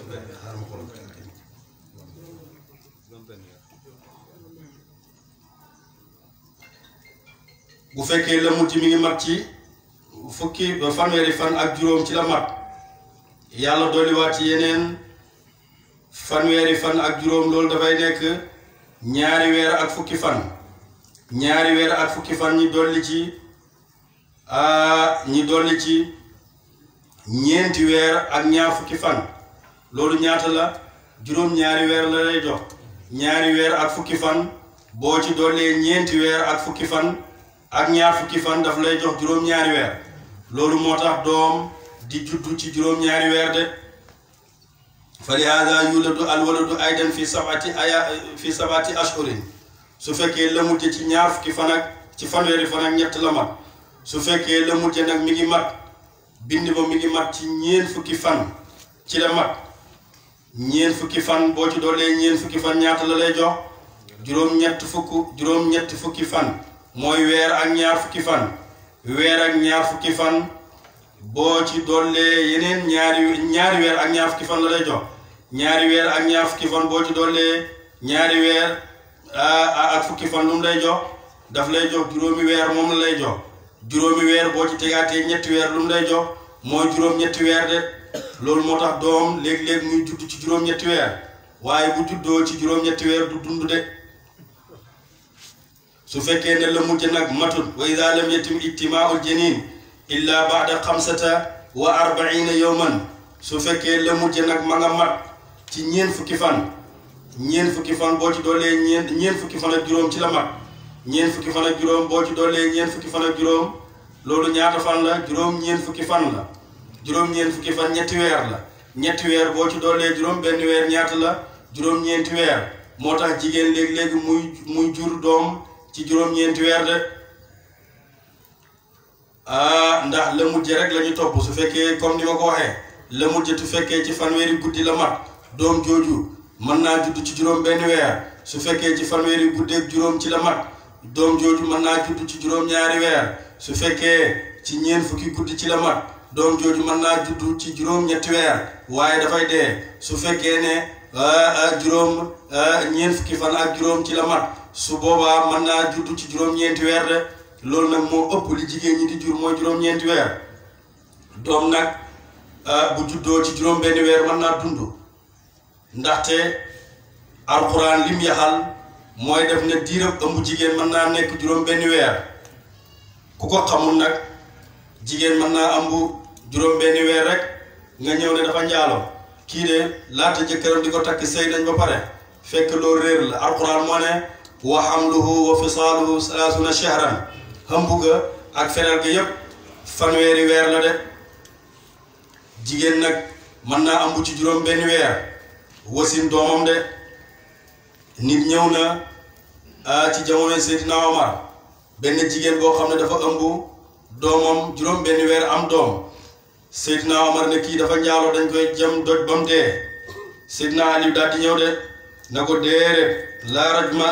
bu fekkee la muti mi ngi mat ci fukki fanweeri fan ak juróom ci la mat yàlla dolliwaat ci yeneen fanweeri fan ak juróom loolu dafay nekk ñaari weer ak fukki fan ñaari weer ak fukki fan ñi dolli ci ñi dolli ci ñeenti weer ak ñaar loolu ñaata la juróom ñaari weer la lay jox ñaari weer ak fukki fan boo ci dollee ñeenti weer ak fukki fan ak ñaar fukki fan daf lay jox juróom-ñaari weer loolu moo tax doom di juddu ci juróom-ñaari weer de fa lihaada yuladu alwaladu aydan fi sabati aya fi sabati ashhurin su fekkee la mujje ci ñaar fukki fan ak ci fanweeri fan ak ñett la mat su fekkee la mujje nag mi ngi mat bind ba mi ngi mat ci ñeen fukki fan ci la mat ñeen fukki fan boo ci doolee ñeen fukki fan ñaat la lay jox juróom-ñett fukk juróom-ñett fukki fan mooy weer ak ñaar fukki fan weer ak ñaar fukki fan boo ci dollee yeneen ñaari ñaari weer ak ñaar fukki fan la lay jox ñaari weer ak ñaar fukki fan boo ci dollee ñaari weer ah, ak fukki fan lu mu lay jox daf lay jox juróomi weer moom la lay jox juróomi weer boo ci tegaatee ñetti weer lu mu lay jox mooy juróom-ñetti weer de loolu moo tax doom léeg-léeg muy judd ci juróom-ñetti weer waaye bu juddoo ci juróom-ñetti weer du dund de su fekkee ne la mujj nag matul wa ida lam yatim ijtimaaul janin illa baada xamsata wa arbaina yowman su fekkee la mujj nag ma nga mat ci ñeen fukki fan ñeen fukki fan boo ci doolee ñeent ñeen fukki fan ak juróom ci la mat ñeen fukki fan ak juróom boo ci doolee ñeen fukki fan juróom loolu ñaata fan la juróom ñeen fukki fan la juróom ñeen fukki fan ñetti weer la ñetti weer boo ci doolee juróom benn weer ñaata la juróom ñeenti weer moo tax jigéen léegi-léegi muy muy jur doom ci juróom-ñeenti weer de ah ndax la mujj rek la topp su fekkee comme ni ma ko waxee la mujj su fekkee ci fanweeri guddi la mat doom jooju mën naa judd ci juróom weer su fekkee ci fanweeri guddeeg juróom ci la mat doom jooju mën naa ci juróom-ñaari weer su fekkee ci ñeent fukki guddi ci la mat doom jooju mën naa judd ci juróom-ñetti weer waaye dafay dee su fekkee ne Eh, eh, juróom eh, ñeent fukki fan ak juróom ci la mat su boobaa mën naa juddu ci juróom-ñeenti weer de loolu nag moo ëpp li jigéen ñi di jur mooy juróom-ñeenti weer doom nag bu juddoo ci juróom-benn weer man naa dund ndaxte alxuraan lim yaxal mooy def ne diirab ëmb jigéen mën naa nekk juróom-benn weer ku ko xamul nag jigéen mën naa ëmb juróom-benn weer rek nga ñëw ne dafa njaalo kii de laata jëkkëram di ko takk sëy nañ ba pare fekk loolu réer la alquran moo ne wa hamluhu wa fisaaluhu salaasuna shahran hëmbu ga ak fenal ga yépp fanweeri weer la de jigéen nag mën naa ambu ci juróom benn weer wasin doomam de nit ñëw na ci jamono Seydina Omar benn jigéen boo xam ne dafa ëmb doomam juróom benn weer am doom Seydina Omar ne kii dafa njaaloo dañ koy jëm doj ba mu dee Seydina Aliou daal ñëw de na ko déedéet laa rajma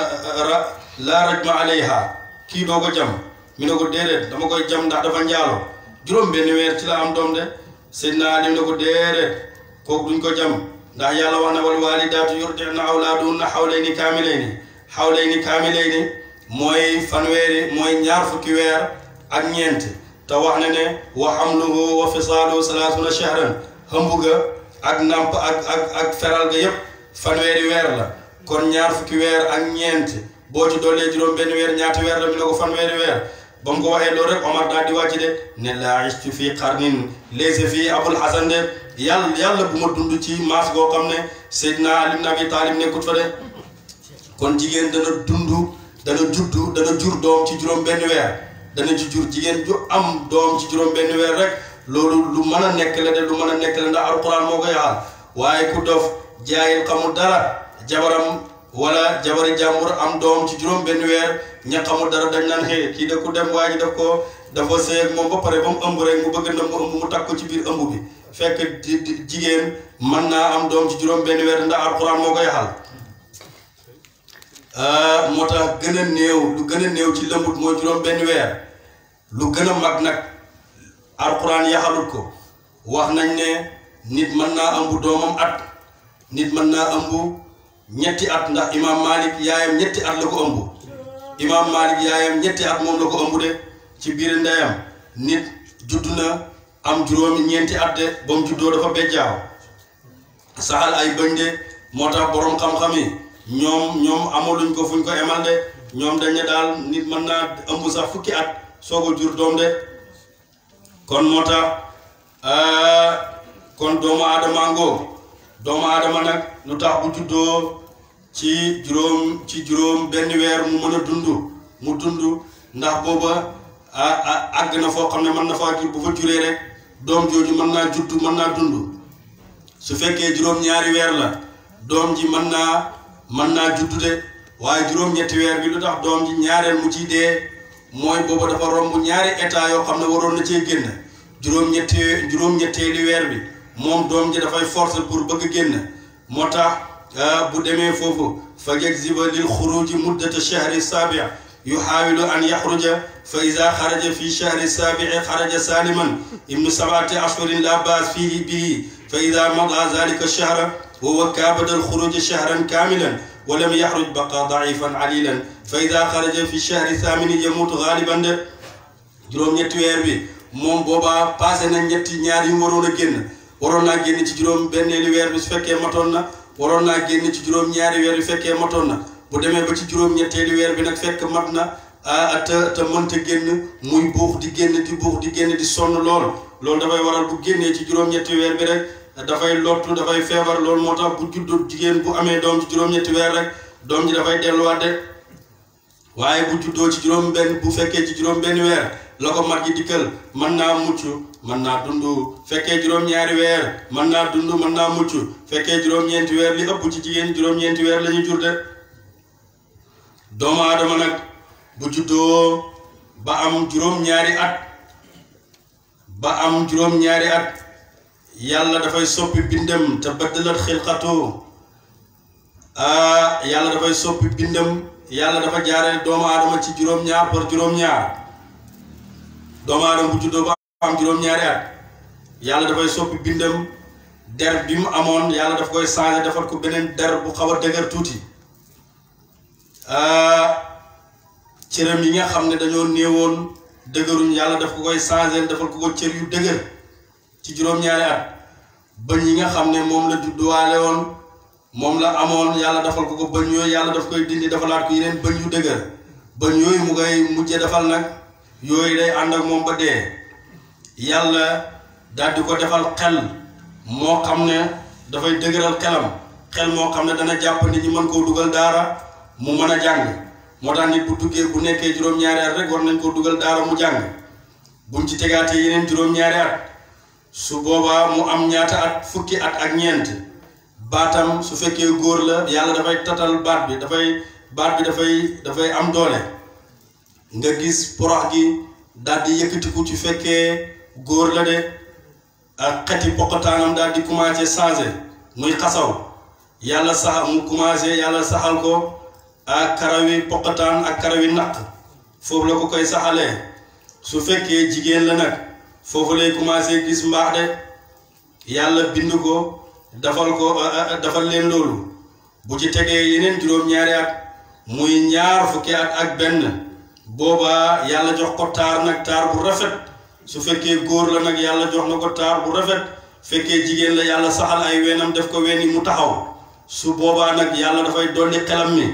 laa rajma kii doo ko jëm mi ne ko déedéet dama ko jëm ndax dafa njaaloo juróom benn weer ci la am doom de Seydina Aliou ne ko jëm ndax yàlla wax na wal waalidaatu yurdi'na awlaadahunna hawlayni kaamilayni hawlayni mooy ñaar fukki weer ak ñeent te wax na ne wa hamluhu wa fisaaluhu salaatuna shahran xëmb ga ak nàmp ak ak ak feral ga yépp fanweeri weer la kon ñaar fukki weer ak ñeent boo ci doolee juróom benn weer ñaati weer la mi ne ko fanweeri weer ba mu ko waxee loolu rek Omar daal di wàcc de ne laa istu fi qarnin laysa fii abul hasan de yàlla yàlla bu ma dund ci maas goo xam ne Seydina Ali ibn Abi Taalib nekkut fa de kon jigéen dana dund dana juddu dana jur doom ci juróom benn weer dana ci jur jigéen ju am doom ci juróom benn weer rek loolu lu mën a nekk la de lu mën a nekk la ndax alquran moo koy xaar waaye ku dof jaayil xamul dara jabaram wala jabari jàmbur am doom ci juróom benn weer ña xamul dara dañ naan xëy kii de ku dem waa ji daf ko dafa seeg moom ba pare ba mu ëmb rek mu bëgg na mu ëmb mu takk ko ci biir ëmb bi fekk jigéen mën naa am doom ci juróom benn weer ndax alquran moo koy xaar Euh, moo tax gën a néew lu gën a néew ci lëmbut mooy juróom benn weer lu gën a mag nag alxuraan yaxalut ko wax nañ ne nit mën naa ëmb doomam at nit mën naa ëmb ñetti at ndax imaam Malik yaayam ñetti at la ko ëmb imaam Malik yaayam ñetti at moom la ko ëmb de ci biir ndeyam nit judd na am juróom ñeenti at de ba mu juddoo dafa bejjaaw saxal ay bëñ de moo tax boroom xam-xam yi ñoom ñoom amaluñ ko fuñ ko emal de ñoom dañ ne daal nit mën naa ëmb sax fukki ak soog a jur doom de kon moo tax euh, kon doomu aadama ngoo doomu aadama nag lu tax bu juddoo ci juróom ci juróom benn weer mu mën a dund mu dund ndax booba àgg na foo xam ne mën na faa jur bu fa juree rek doom jooju mën naa judd mën naa dund su fekkee juróom ñaari weer la doom ji mën naa mën naa juddu de waaye juróom-ñetti weer bi lu tax doom ji ñaareel mu ciy dee mooy booba dafa romb ñaari état yoo xam ne waroon na cee génn juróom-ñetti juróom weer bi moom doom ji dafay force pour bëgg génn moo tax euh, bu demee foofu fa yajziba lil xuruji muddata shahri yu yuhaawilu an yaxruja fa ida xaraja fi shahri saabii xaraja saaliman ibnu sabaati ashhurin la baas fihi bihi fa ida mada zalika shahra وهو كابد الخروج شهرا كاملا ولم يخرج بقى ضعيفا عليلا فإذا خرج في الشهر الثامن يموت غالبا juróom ñetti weer bi moom boobaa passé na ñetti ñaar yu mu waroon a génn waroon naa génn ci juróom benneeli weer bi su fekkee matoon na waroon naa génn ci juróom ñaari weer fekkee matoon na bu demee ba ci juróom weer bi nag fekk mat na ah te te mënta génn muy buux di génn di buux di génn di sonn lool loolu dafay waral bu génnee ci juróom ñetti weer bi rek. dafay lottu dafay feebar loolu moo tax bu juddu jigéen bu amee doom ci juróom-ñetti weer rek doom ji dafay delluwaat de waaye bu juddoo ci juróom benn bu fekkee ci juróom benn weer la ko mat gi dikkal mën naa mucc mën naa dund fekkee juróom-ñaari weer mën naa dund mën naa mucc fekkee juróom weer li ëpp ci jigéen juróom-ñeenti weer la ñu jur de doomu aadama nag bu juddoo ba am juróom-ñaari at ba am juróom-ñaari at yàlla dafay soppi bindam te baddalat xilqatu ah yàlla dafay soppi bindam yàlla dafa jaaree doomu aadama ci juróom-ñaar par juróom-ñaar doomu aadama bu juddoo ba am juróom-ñaari at yàlla dafay soppi bindam der bi mu amoon yàlla dafa koy changé defal ko beneen der bu xaw a dëgër tuuti ah, cëram yi nga xam ne dañoo néewoon dëgëruñ yàlla daf ko koy changé defal ko ko cër yu dëgër. ci juróom-ñaari at bëñ yi nga xam ne moom la judduwaale woon moom la amoon yàlla defal ko ko bëñ yooyu yàlla daf koy dindi defalaat ko yeneen bëñ yu dëgër bëñ yooyu mu koy mujje defal nag yooyu day ànd ak moom ba dee yàlla daal di ko defal xel moo xam ne dafay dëgëral xelam xel moo xam ne dana jàpp nit ñi mën koo dugal daara mu mën a jàng moo tax nit bu duggee bu nekkee juróom-ñaari at rek war nañ koo dugal daara mu jàng buñ ci tegaatee yeneen juróom su boobaa mu am ñaata ak fukki at ak ñeent baatam su fekkee góor la yàlla dafay tatal baat bi dafay baat bi dafay dafay am doole nga gis porox gi daal di yëkkatiku ci fekkee góor la de ak xeti poqataanam daal di commencé changé muy xasaw yàlla sax mu commencé yàlla saxal ko ak karawi poqataan ak karawi naq foofu la ko koy saxalee su fekkee jigéen la nag foofu lay commencé gis mbaax de yàlla bind ko dafal ko dafal leen loolu bu ci tegee yeneen juróom-ñaari at muy ñaar fukki ak benn booba yàlla jox ko taar nag taar bu rafet su fekkee góor la nag yàlla jox na ko taar bu rafet fekkee jigéen la yàlla saxal ay wenam def ko weni mu taxaw su boobaa nag yàlla dafay dolli xelam mi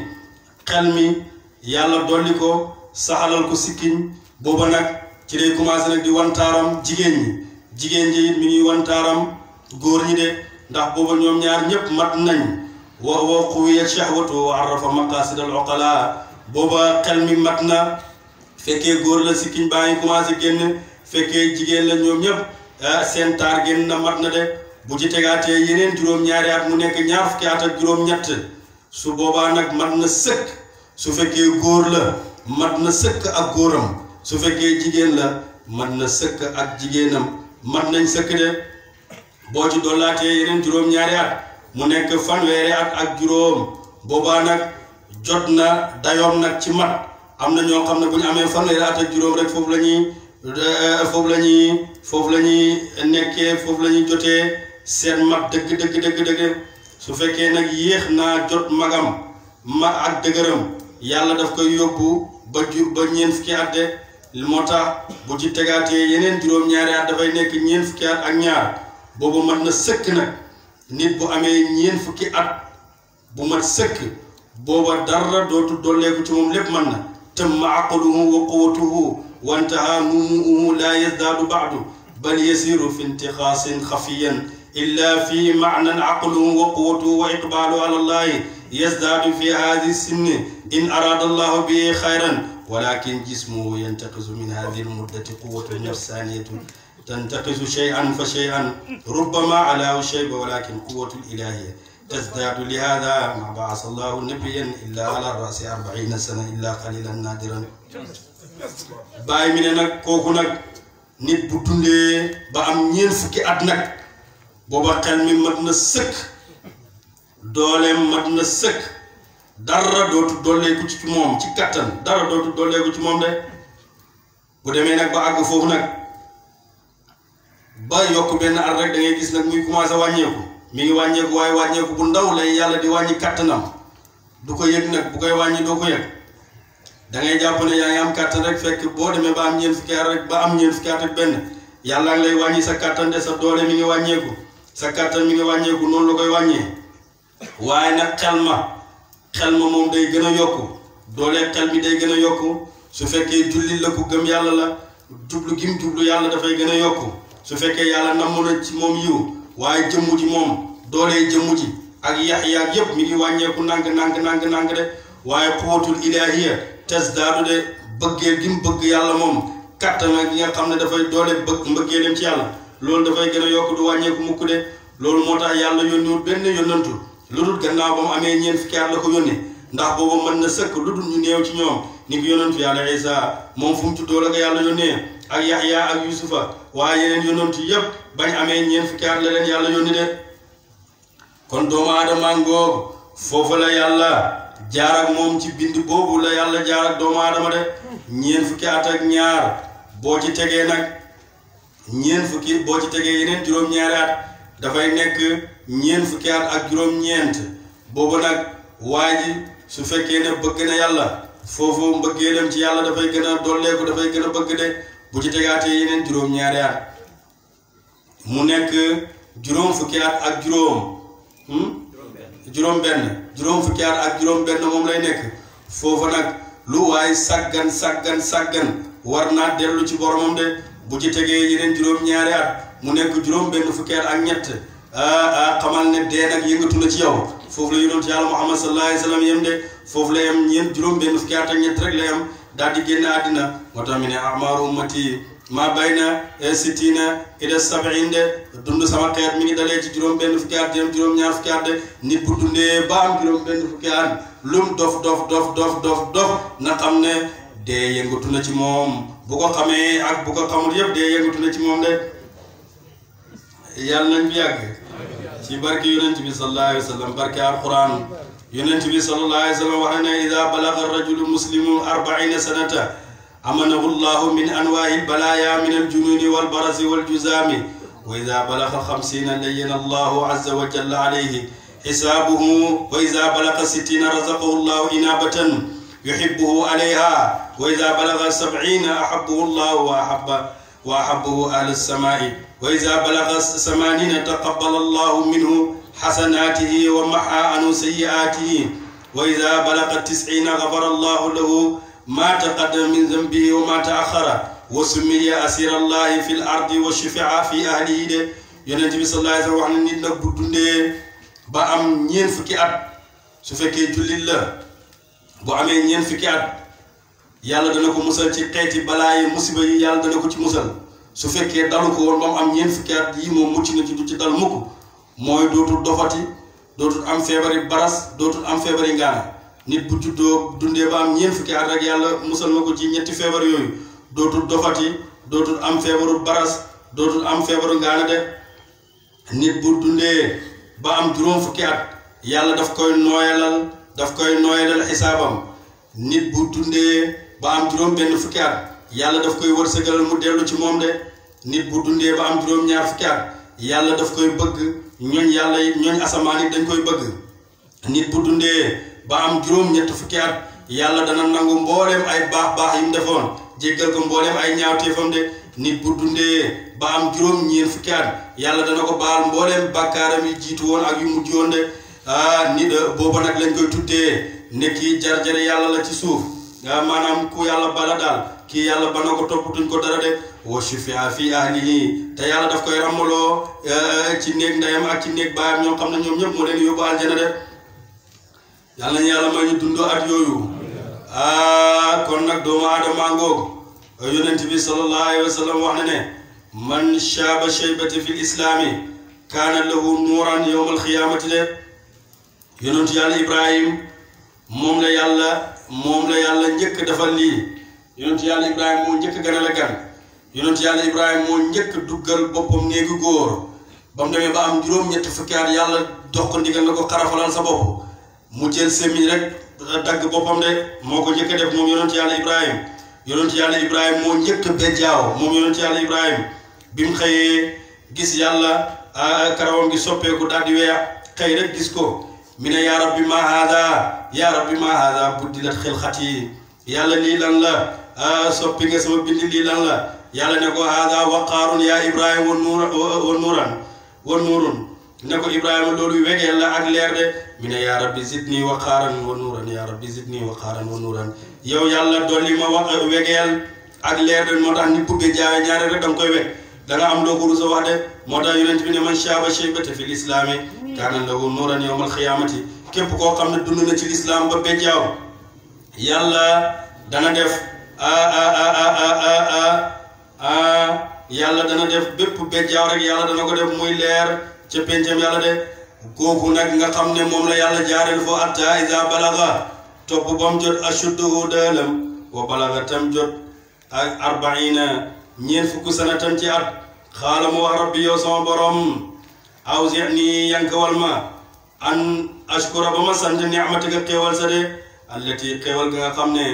xel mi yàlla dolli ko saxalal ko sikkiñ booba nag ci lay commencé nag di wantaaram jigéen ñi jigéen ji it mi ngi wantaaram góor ñi de ndax booba ñoom ñaar ñépp mat nañ wa wa quwiyat shahwatu wa arrafa maqasid al oqala booba xel mi mat na fekkee góor la si sikkiñ baa ngi commencé génn fekkee jigéen la ñoom ñépp ah, seen taar génn na mat na de bu ci tegaatee yeneen juróom-ñaari at mu nekk ñaar fukki at ak juróom-ñett su boobaa nag mat na sëkk su fekkee góor la mat na sëkk ak góoram su fekkee jigéen la mat na sëkk ak jigéenam mat nañ sëkk de boo ci dollaatee yeneen juróom-ñaari at mu nekk fanweeri at ak juróom boobaa nag jot na dayoom nag ci mat am na ñoo xam ne bu ñu amee fanweeri at ak juróom rek foofu la ñuy euh, foofu la ñuy foofu la ñuy nekkee foofu lañuy jotee seen mat dëgg dëgg dëgg dëgg su fekkee nag yéex naa jot magam ma ak dëgëram yàlla daf koy yóbbu ba ju ba ñeent fukki at moo tax bu ci tegaatee yeneen juróom-ñaari at dafay nekk ñeent fukki at ak ñaar boobu mat na sëkk nag nit bu amee ñeent fukki at bu mat sëkk booba dara dootu dolleeku ci moom lépp mën na tamma aqluhu wa quwwatuhu wa intaha mumuuhu la yazdaadu baadu bal yasiru fi intixaasin xafiyan illa fi maanan aqluhu wa quwwatuhu wa iqbaalu ala allahi fi haadi sinni in araada allahu bihi xayran walakin jismuhu yantaqisu min hadihi lmuddati quwatun nafsaniyatun tantaqisu shay'an fa shay'an rubbama alaahu shayba walakin quwatu lilahiya tasdaadu lihada ma baasa allahu nabiyan illa ala rasi arbaina sana illa qalilan nadiran bàyyi mi ne nag kooku nag nit bu dundee ba am ñeent fukki at nag booba xel mi mat na sëkk dooleem mat na sëkk dara dootu dolleeku ci moom ci kattan dara dootu dolleeku ci moom de bu demee nag ba àgg foofu nag ba yokk benn at rek da ngay gis nag muy commencé wàññeeku mi ngi wàññeeku waaye wàññeeku bu ndaw lay yàlla di wàññi kattanam du ko yëg nag bu koy wàññi doo ko yëg da ngay jàpp ne yaa ngi am kattan rek fekk boo demee ba am ñeent fukki at rek ba am ñeent fukki at ak benn yàlla ngi lay wàññi sa kattan de sa doole mi ngi wàññeeku sa kattan mi ngi wàññeeku noonu la koy wàññee waaye nag xel ma. xel ma moom day gën a yokku doole xel mi day gën a yokku su fekkee julli la ku gëm yàlla la jublu gim jublu yàlla dafay gën a yokku su fekkee yàlla namm na ci moom yiw waaye jëmmu ji moom doolee jëmmu ji ak yax yaag yëpp mi ngi wàññeeku nànk nànk nànk nànk de waaye xóotul ilaahiya tes daadu de bëggee gim bëgg yàlla moom kattan ak yi nga xam ne dafay doole bëgg mbëggee dem ci yàlla loolu dafay gën a yokk du wàññeeku mukk de loolu moo tax yàlla yónniwul benn yónnantu lu dul gannaaw ba amee ñeent fukki at la ko yónnee ndax boobu mën na sëkk lu dul ñu néew ci ñoom ni ko yonentu yàlla Isa moom fu mu tuddoo la ko yàlla yónnee ak Yaxya ak Yusufa waaye yeneen yonentu yépp bañ amee ñeent fukki at la yàlla yónni kon doomu aadama ngoog jaar ak moom ci bind boobu la yàlla jaar ak doomu aadama de ñeent fukki at ak ñaar boo ci tegee nag ñeent fukki boo ci tegee yeneen juróom-ñaari dafay nekk ñeent fukki at ak juróom-ñeent boobu nag waa ji su fekkee na bëgg na yàlla foofu mbëggeelam ci yàlla dafay gën a dolleeku dafay gën a bëgg de bu ci tegaatee yeneen juróom mu nekk juróom ak juróom hmm? juróom-benn ak juróom moom lay nekk foofu nag lu waay sàggan sàggan sàggan war naa dellu ci boromam de bu ci tegee yeneen juróom-ñaari at mu nekk juróom-benn fukki at ak ñett. Ah, ah, xamal ne dee nag yëngatu na ci yow foofu la yonent yàlla Muhammad sallallahu alayhi wa yem de foofu la yem juróom-benn fukki at yem daal di génn àddina moo tax mi ne amaaru ummati mi ngi dalee ci juróom-benn ñaar fukki at de nit bu dundee ba am juróom-benn fukki at lum dof dof dof dof dof dof na xam ne dee yëngatu na ci moom bu ko xamee ak bu ko xamul yëpp dee yëngatu na ci moom de yàlla nañ yàgg. ci barke yonent bi sallallahu alayhi wa sallam barke alquran yonent bi sallallahu alayhi wa sallam wax na ne ida balaga rajulu muslimu arbaina sanata amanahu llahu min anwaa'i lbalaya min aljunuuni walbarasi waljuzaami wa ida balaga xamsiina layana allahu azza wa jalla alayhi xisaabuhu wa ida balaga sittiina razaqahu llahu inaabatan yuhibbuhu alayha wa ida balaga sab'iina ahabbahu llahu wa ahabbahu ahlu ssamaa'i wa iza balaga samanina taqabbala allahu minhu xasanaatihi wa maxa anu sayiaatihi wa iza balaga tisina gafara allahu lahu ma taqaddama min zambihi wa ma taaxara wa summiya asira allahi fi l ardi wa shufia fi ahlihi de yonent bi sallallahu alayhi wa sallam wax na nit nag bu dundee ba am ñeent fukki at su fekkee jullit la bu amee ñeent fukki at yàlla dana ko musal ci xeeti balaa yi musiba yi yàlla dana ko ci musal su fekkee dalu ko woon ba mu am ñeent fukki at yii moom mucc na ci du ci dal mukk mooy dootul dofati dootul am feebari baras dootul am feebari ngaana nit bu juddoo dundee am ñeent fukki at yàlla musal na ko ci ñetti feebar yooyu dootul dofati dootul am feebaru baras dootul am feebaru ngaana de nit bu dundee ba am juróom fukki at yàlla daf koy nooyalal daf koy nooyalal xisaabam nit bu dundee ba am juróom benn fukki at yàlla daf koy wërsëgalal mu dellu ci moom de nit bu dundee ba am juróom-ñaar fukki at yàlla daf koy bëgg ñooñ yàlla asamaan dañ koy bëgg nit bu dundee ba am juróom-ñett yàlla dana nangu mbooleem ay baax baax yi mu defoon jéggal ko mbooleem ay ñaawteefam de nit bu dundee ba am juróom-ñeent fukki at yàlla dana ko baal mbooleem bàkkaaram yi jiitu woon ak yu mujj woon de ah nit euh, booba nag lañ koy tuddee nekk yi jarjare yàlla la ci suuf maanaam ku yàlla bala daal kii yàlla ba na ko toppatuñ ko dara de wa shufia fi ahlihi te yàlla daf koy ràmmaloo eh, ci néeg ndeyam ak ci néeg baayam ñoo xam ne ñoom ñëpp moo leen yóbbu aljana de yàlla nañu yàlla may dundoo ak yooyu ah kon nag doomu aadama ngoog yonent bi sallallahu alayhi wa sallam wax na ne man shaaba shaybata fi lislaami kaana lahu nuuran yowm alxiyaamati de yonent yàlla ibrahim moom la yàlla moom la yàlla njëkk defal lii yonent yàlla Ibrahima moo njëkk gane la gan yonent yàlla Ibrahima moo njëkk duggal boppam néegu góor ba mu demee ba am juróom ñett fukki at yàlla dox ko ndigal na ko xarafalaan sa bopp mu jël rek dagg boppam de moo ko njëkk def moom yonent yàlla Ibrahima yonent yàlla Ibrahima moo njëkk bejjaaw bi mu xëyee gis karawam gi soppeeku daal di weex xëy rek gis ko mi ne yaa rabbi maa haada yaa rabbi maa haada buddilat xilxat yi yàlla lii lan la ah soppi sama bind lii yàlla ne ko haada waqaarun yaa Ibrahima wa nuuran wa nuurun ne ko Ibrahima loolu wegeel la ak leer de mi ne yaa rabbi zidni waqaaran wa nuuran yaa rabbi zidni waqaaran wa nuuran yow yàlla dolli ma wax wegeel ak leer de moo tax nit bu bëggee jaay rek da nga koy am doo ko a wax de moo tax yonent bi ne man shaaba shaybata fi lislaami kaana lahu nuuran yawmal xiyaamati képp koo xam ne dund na ci lislaam ba bejjaaw yàlla dana def. yàlla dana def bépp bejjaaw rek yàlla dana ko def muy leer ca pencam yàlla de na nag nga xam ne moom la yàlla jaareel fo atta iza balaga topp bam jot ashudduhu dëlëm wa balaga tam jot ak arbaina ñeent sana tam ci at xaala mu rabbi yow sama borom awzi'ni yankawal ma an ashkura ba ma sant ni'mataka xéewal sa de allati xéewal ga nga xam ne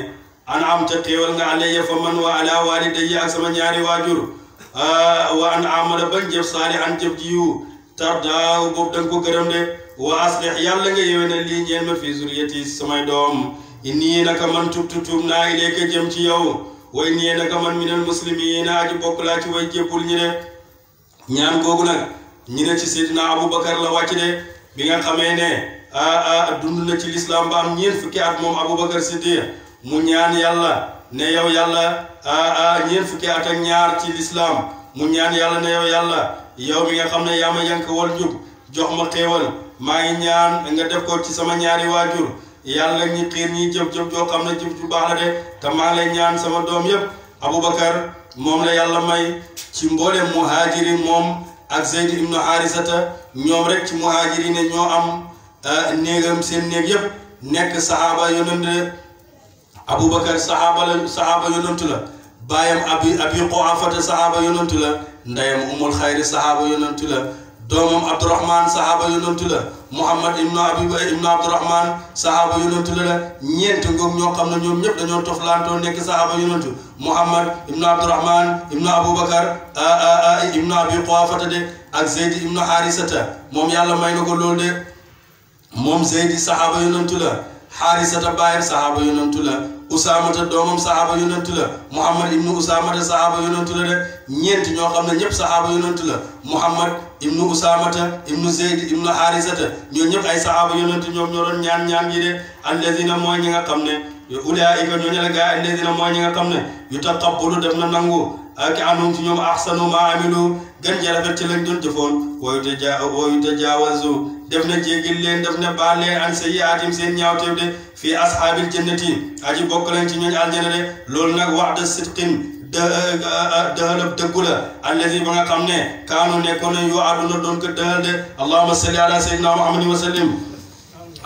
an am ca teewal nga alayya fa man wa ala walidayya ak sama ñaari waajur ah, wa an amala ban jëf saali an jëf jiwu tar daaw boobu nga ko gërëm de wa aslih yàlla nga yéwénal lii ñeen ma fi zuriyati samay doom inni naka man tubtu tuub naa ilayka jëm ci yow way nii naka man minal muslimina aji bokk laa ci way jébbul ñi de ñaan googu nag ñi ne ci seydina aboubacar la wàcc de bi nga xamee ne ah, ah, dund na ci lislaam ba am ñeent fukki at moom aboubacar siddiq mu ñaan yàlla ne yow yàlla a a ñeent fukki at ak ñaar ci lislaam mu ñaan yàlla ne yow yàlla yow mi nga xam ne yaa ma yank wal jub jox ma xéewal maa ngi ñaan nga def ko ci sama ñaari waajur yàlla ñi xiir ñi jëf-jëf joo xam ne jëf ju baax la de te maa lay ñaan sama doom yépp aboubacar moom la yàlla may ci mboole muhaajiri moom ak zeyd ibnu harisata ñoom rek ci muhaajiri ne ñoo am néegam seen néeg yépp nekk sahaaba yonent aboubacar saxaaba la saxaaba yonantu la baayam abi abi quafata saxaaba yonantu la ndeyam umul xayri saxaaba yonantu la doomam abdourahman saxaaba yonantu la mouhamad ibnu abi ibnu abdourahman saxaaba yonantu la la ñeent ngoog ñoo xam ne ñoom ñëpp dañoo toflaantoo nekk saxaaba yonantu mouhamad ibnu abdourahman ibnu aboubacar ibnu abi quafata de ak zeyd ibnu xaarisata moom yàlla may na ko loolu de moom zeydi saxaaba yonantu la xaarisata baayam saxaaba yonantu la usaamata doomam sahaaba yonent la muhammad ibnu usaamata sahaaba yonent la de ñeent ñoo xam ne ñëpp sahaaba yonent la muhammad ibnu usaamata ibnu zeyd ibnu harisata ñoo ñëpp ay sahaaba yonent ñoom ñoo doon ñaan ñaan yi de mooy ñi nga xam ne ulaayika ñoo ñela ñi nga xam ne def na nangu ak anum ci ñoom ahsanu ma amilu gën ja rafet ci lañ doon jëfoon wooyu te ja wooyu def na jéggil leen def na baal leen an sa yaatim seen ñaawteef de fii ashaabil jannati aji bokk lañ ci ñooñ aljana de loolu nag wax da sidqin dëhëlëb dëggu la allazi ba nga xam ne kaanu nekkoon nañ yu aduna doon ko dëhël de allahumma salli ala sayyidina muhammadin wa sallim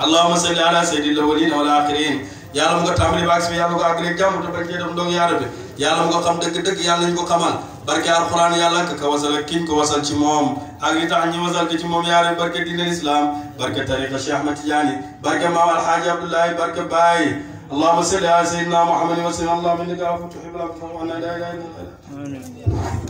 allahumma salli ala sayyidil awwalin wal akhirin yàlla mu nga tàmbali baag si yàlla ko àggale jàmm te bañ cee def ndog yaara bi yàlla mu ko xam dëgg-dëgg yàlla ñu ko xamal barke alxuraan yàlla ka ko wasal ak kiñ ko wasal ci moom ak li tax ñu wasal ko ci moom yaare barke dina islam barke tariqa Cheikh Ahmad Tidiane barke maam alxaaji Abdoulaye barke Baye allahumma salli ala sayyidina muhammadin wa sallam allahumma innaka afuwwun tuhibbul afwa anhu la ilaha illa anta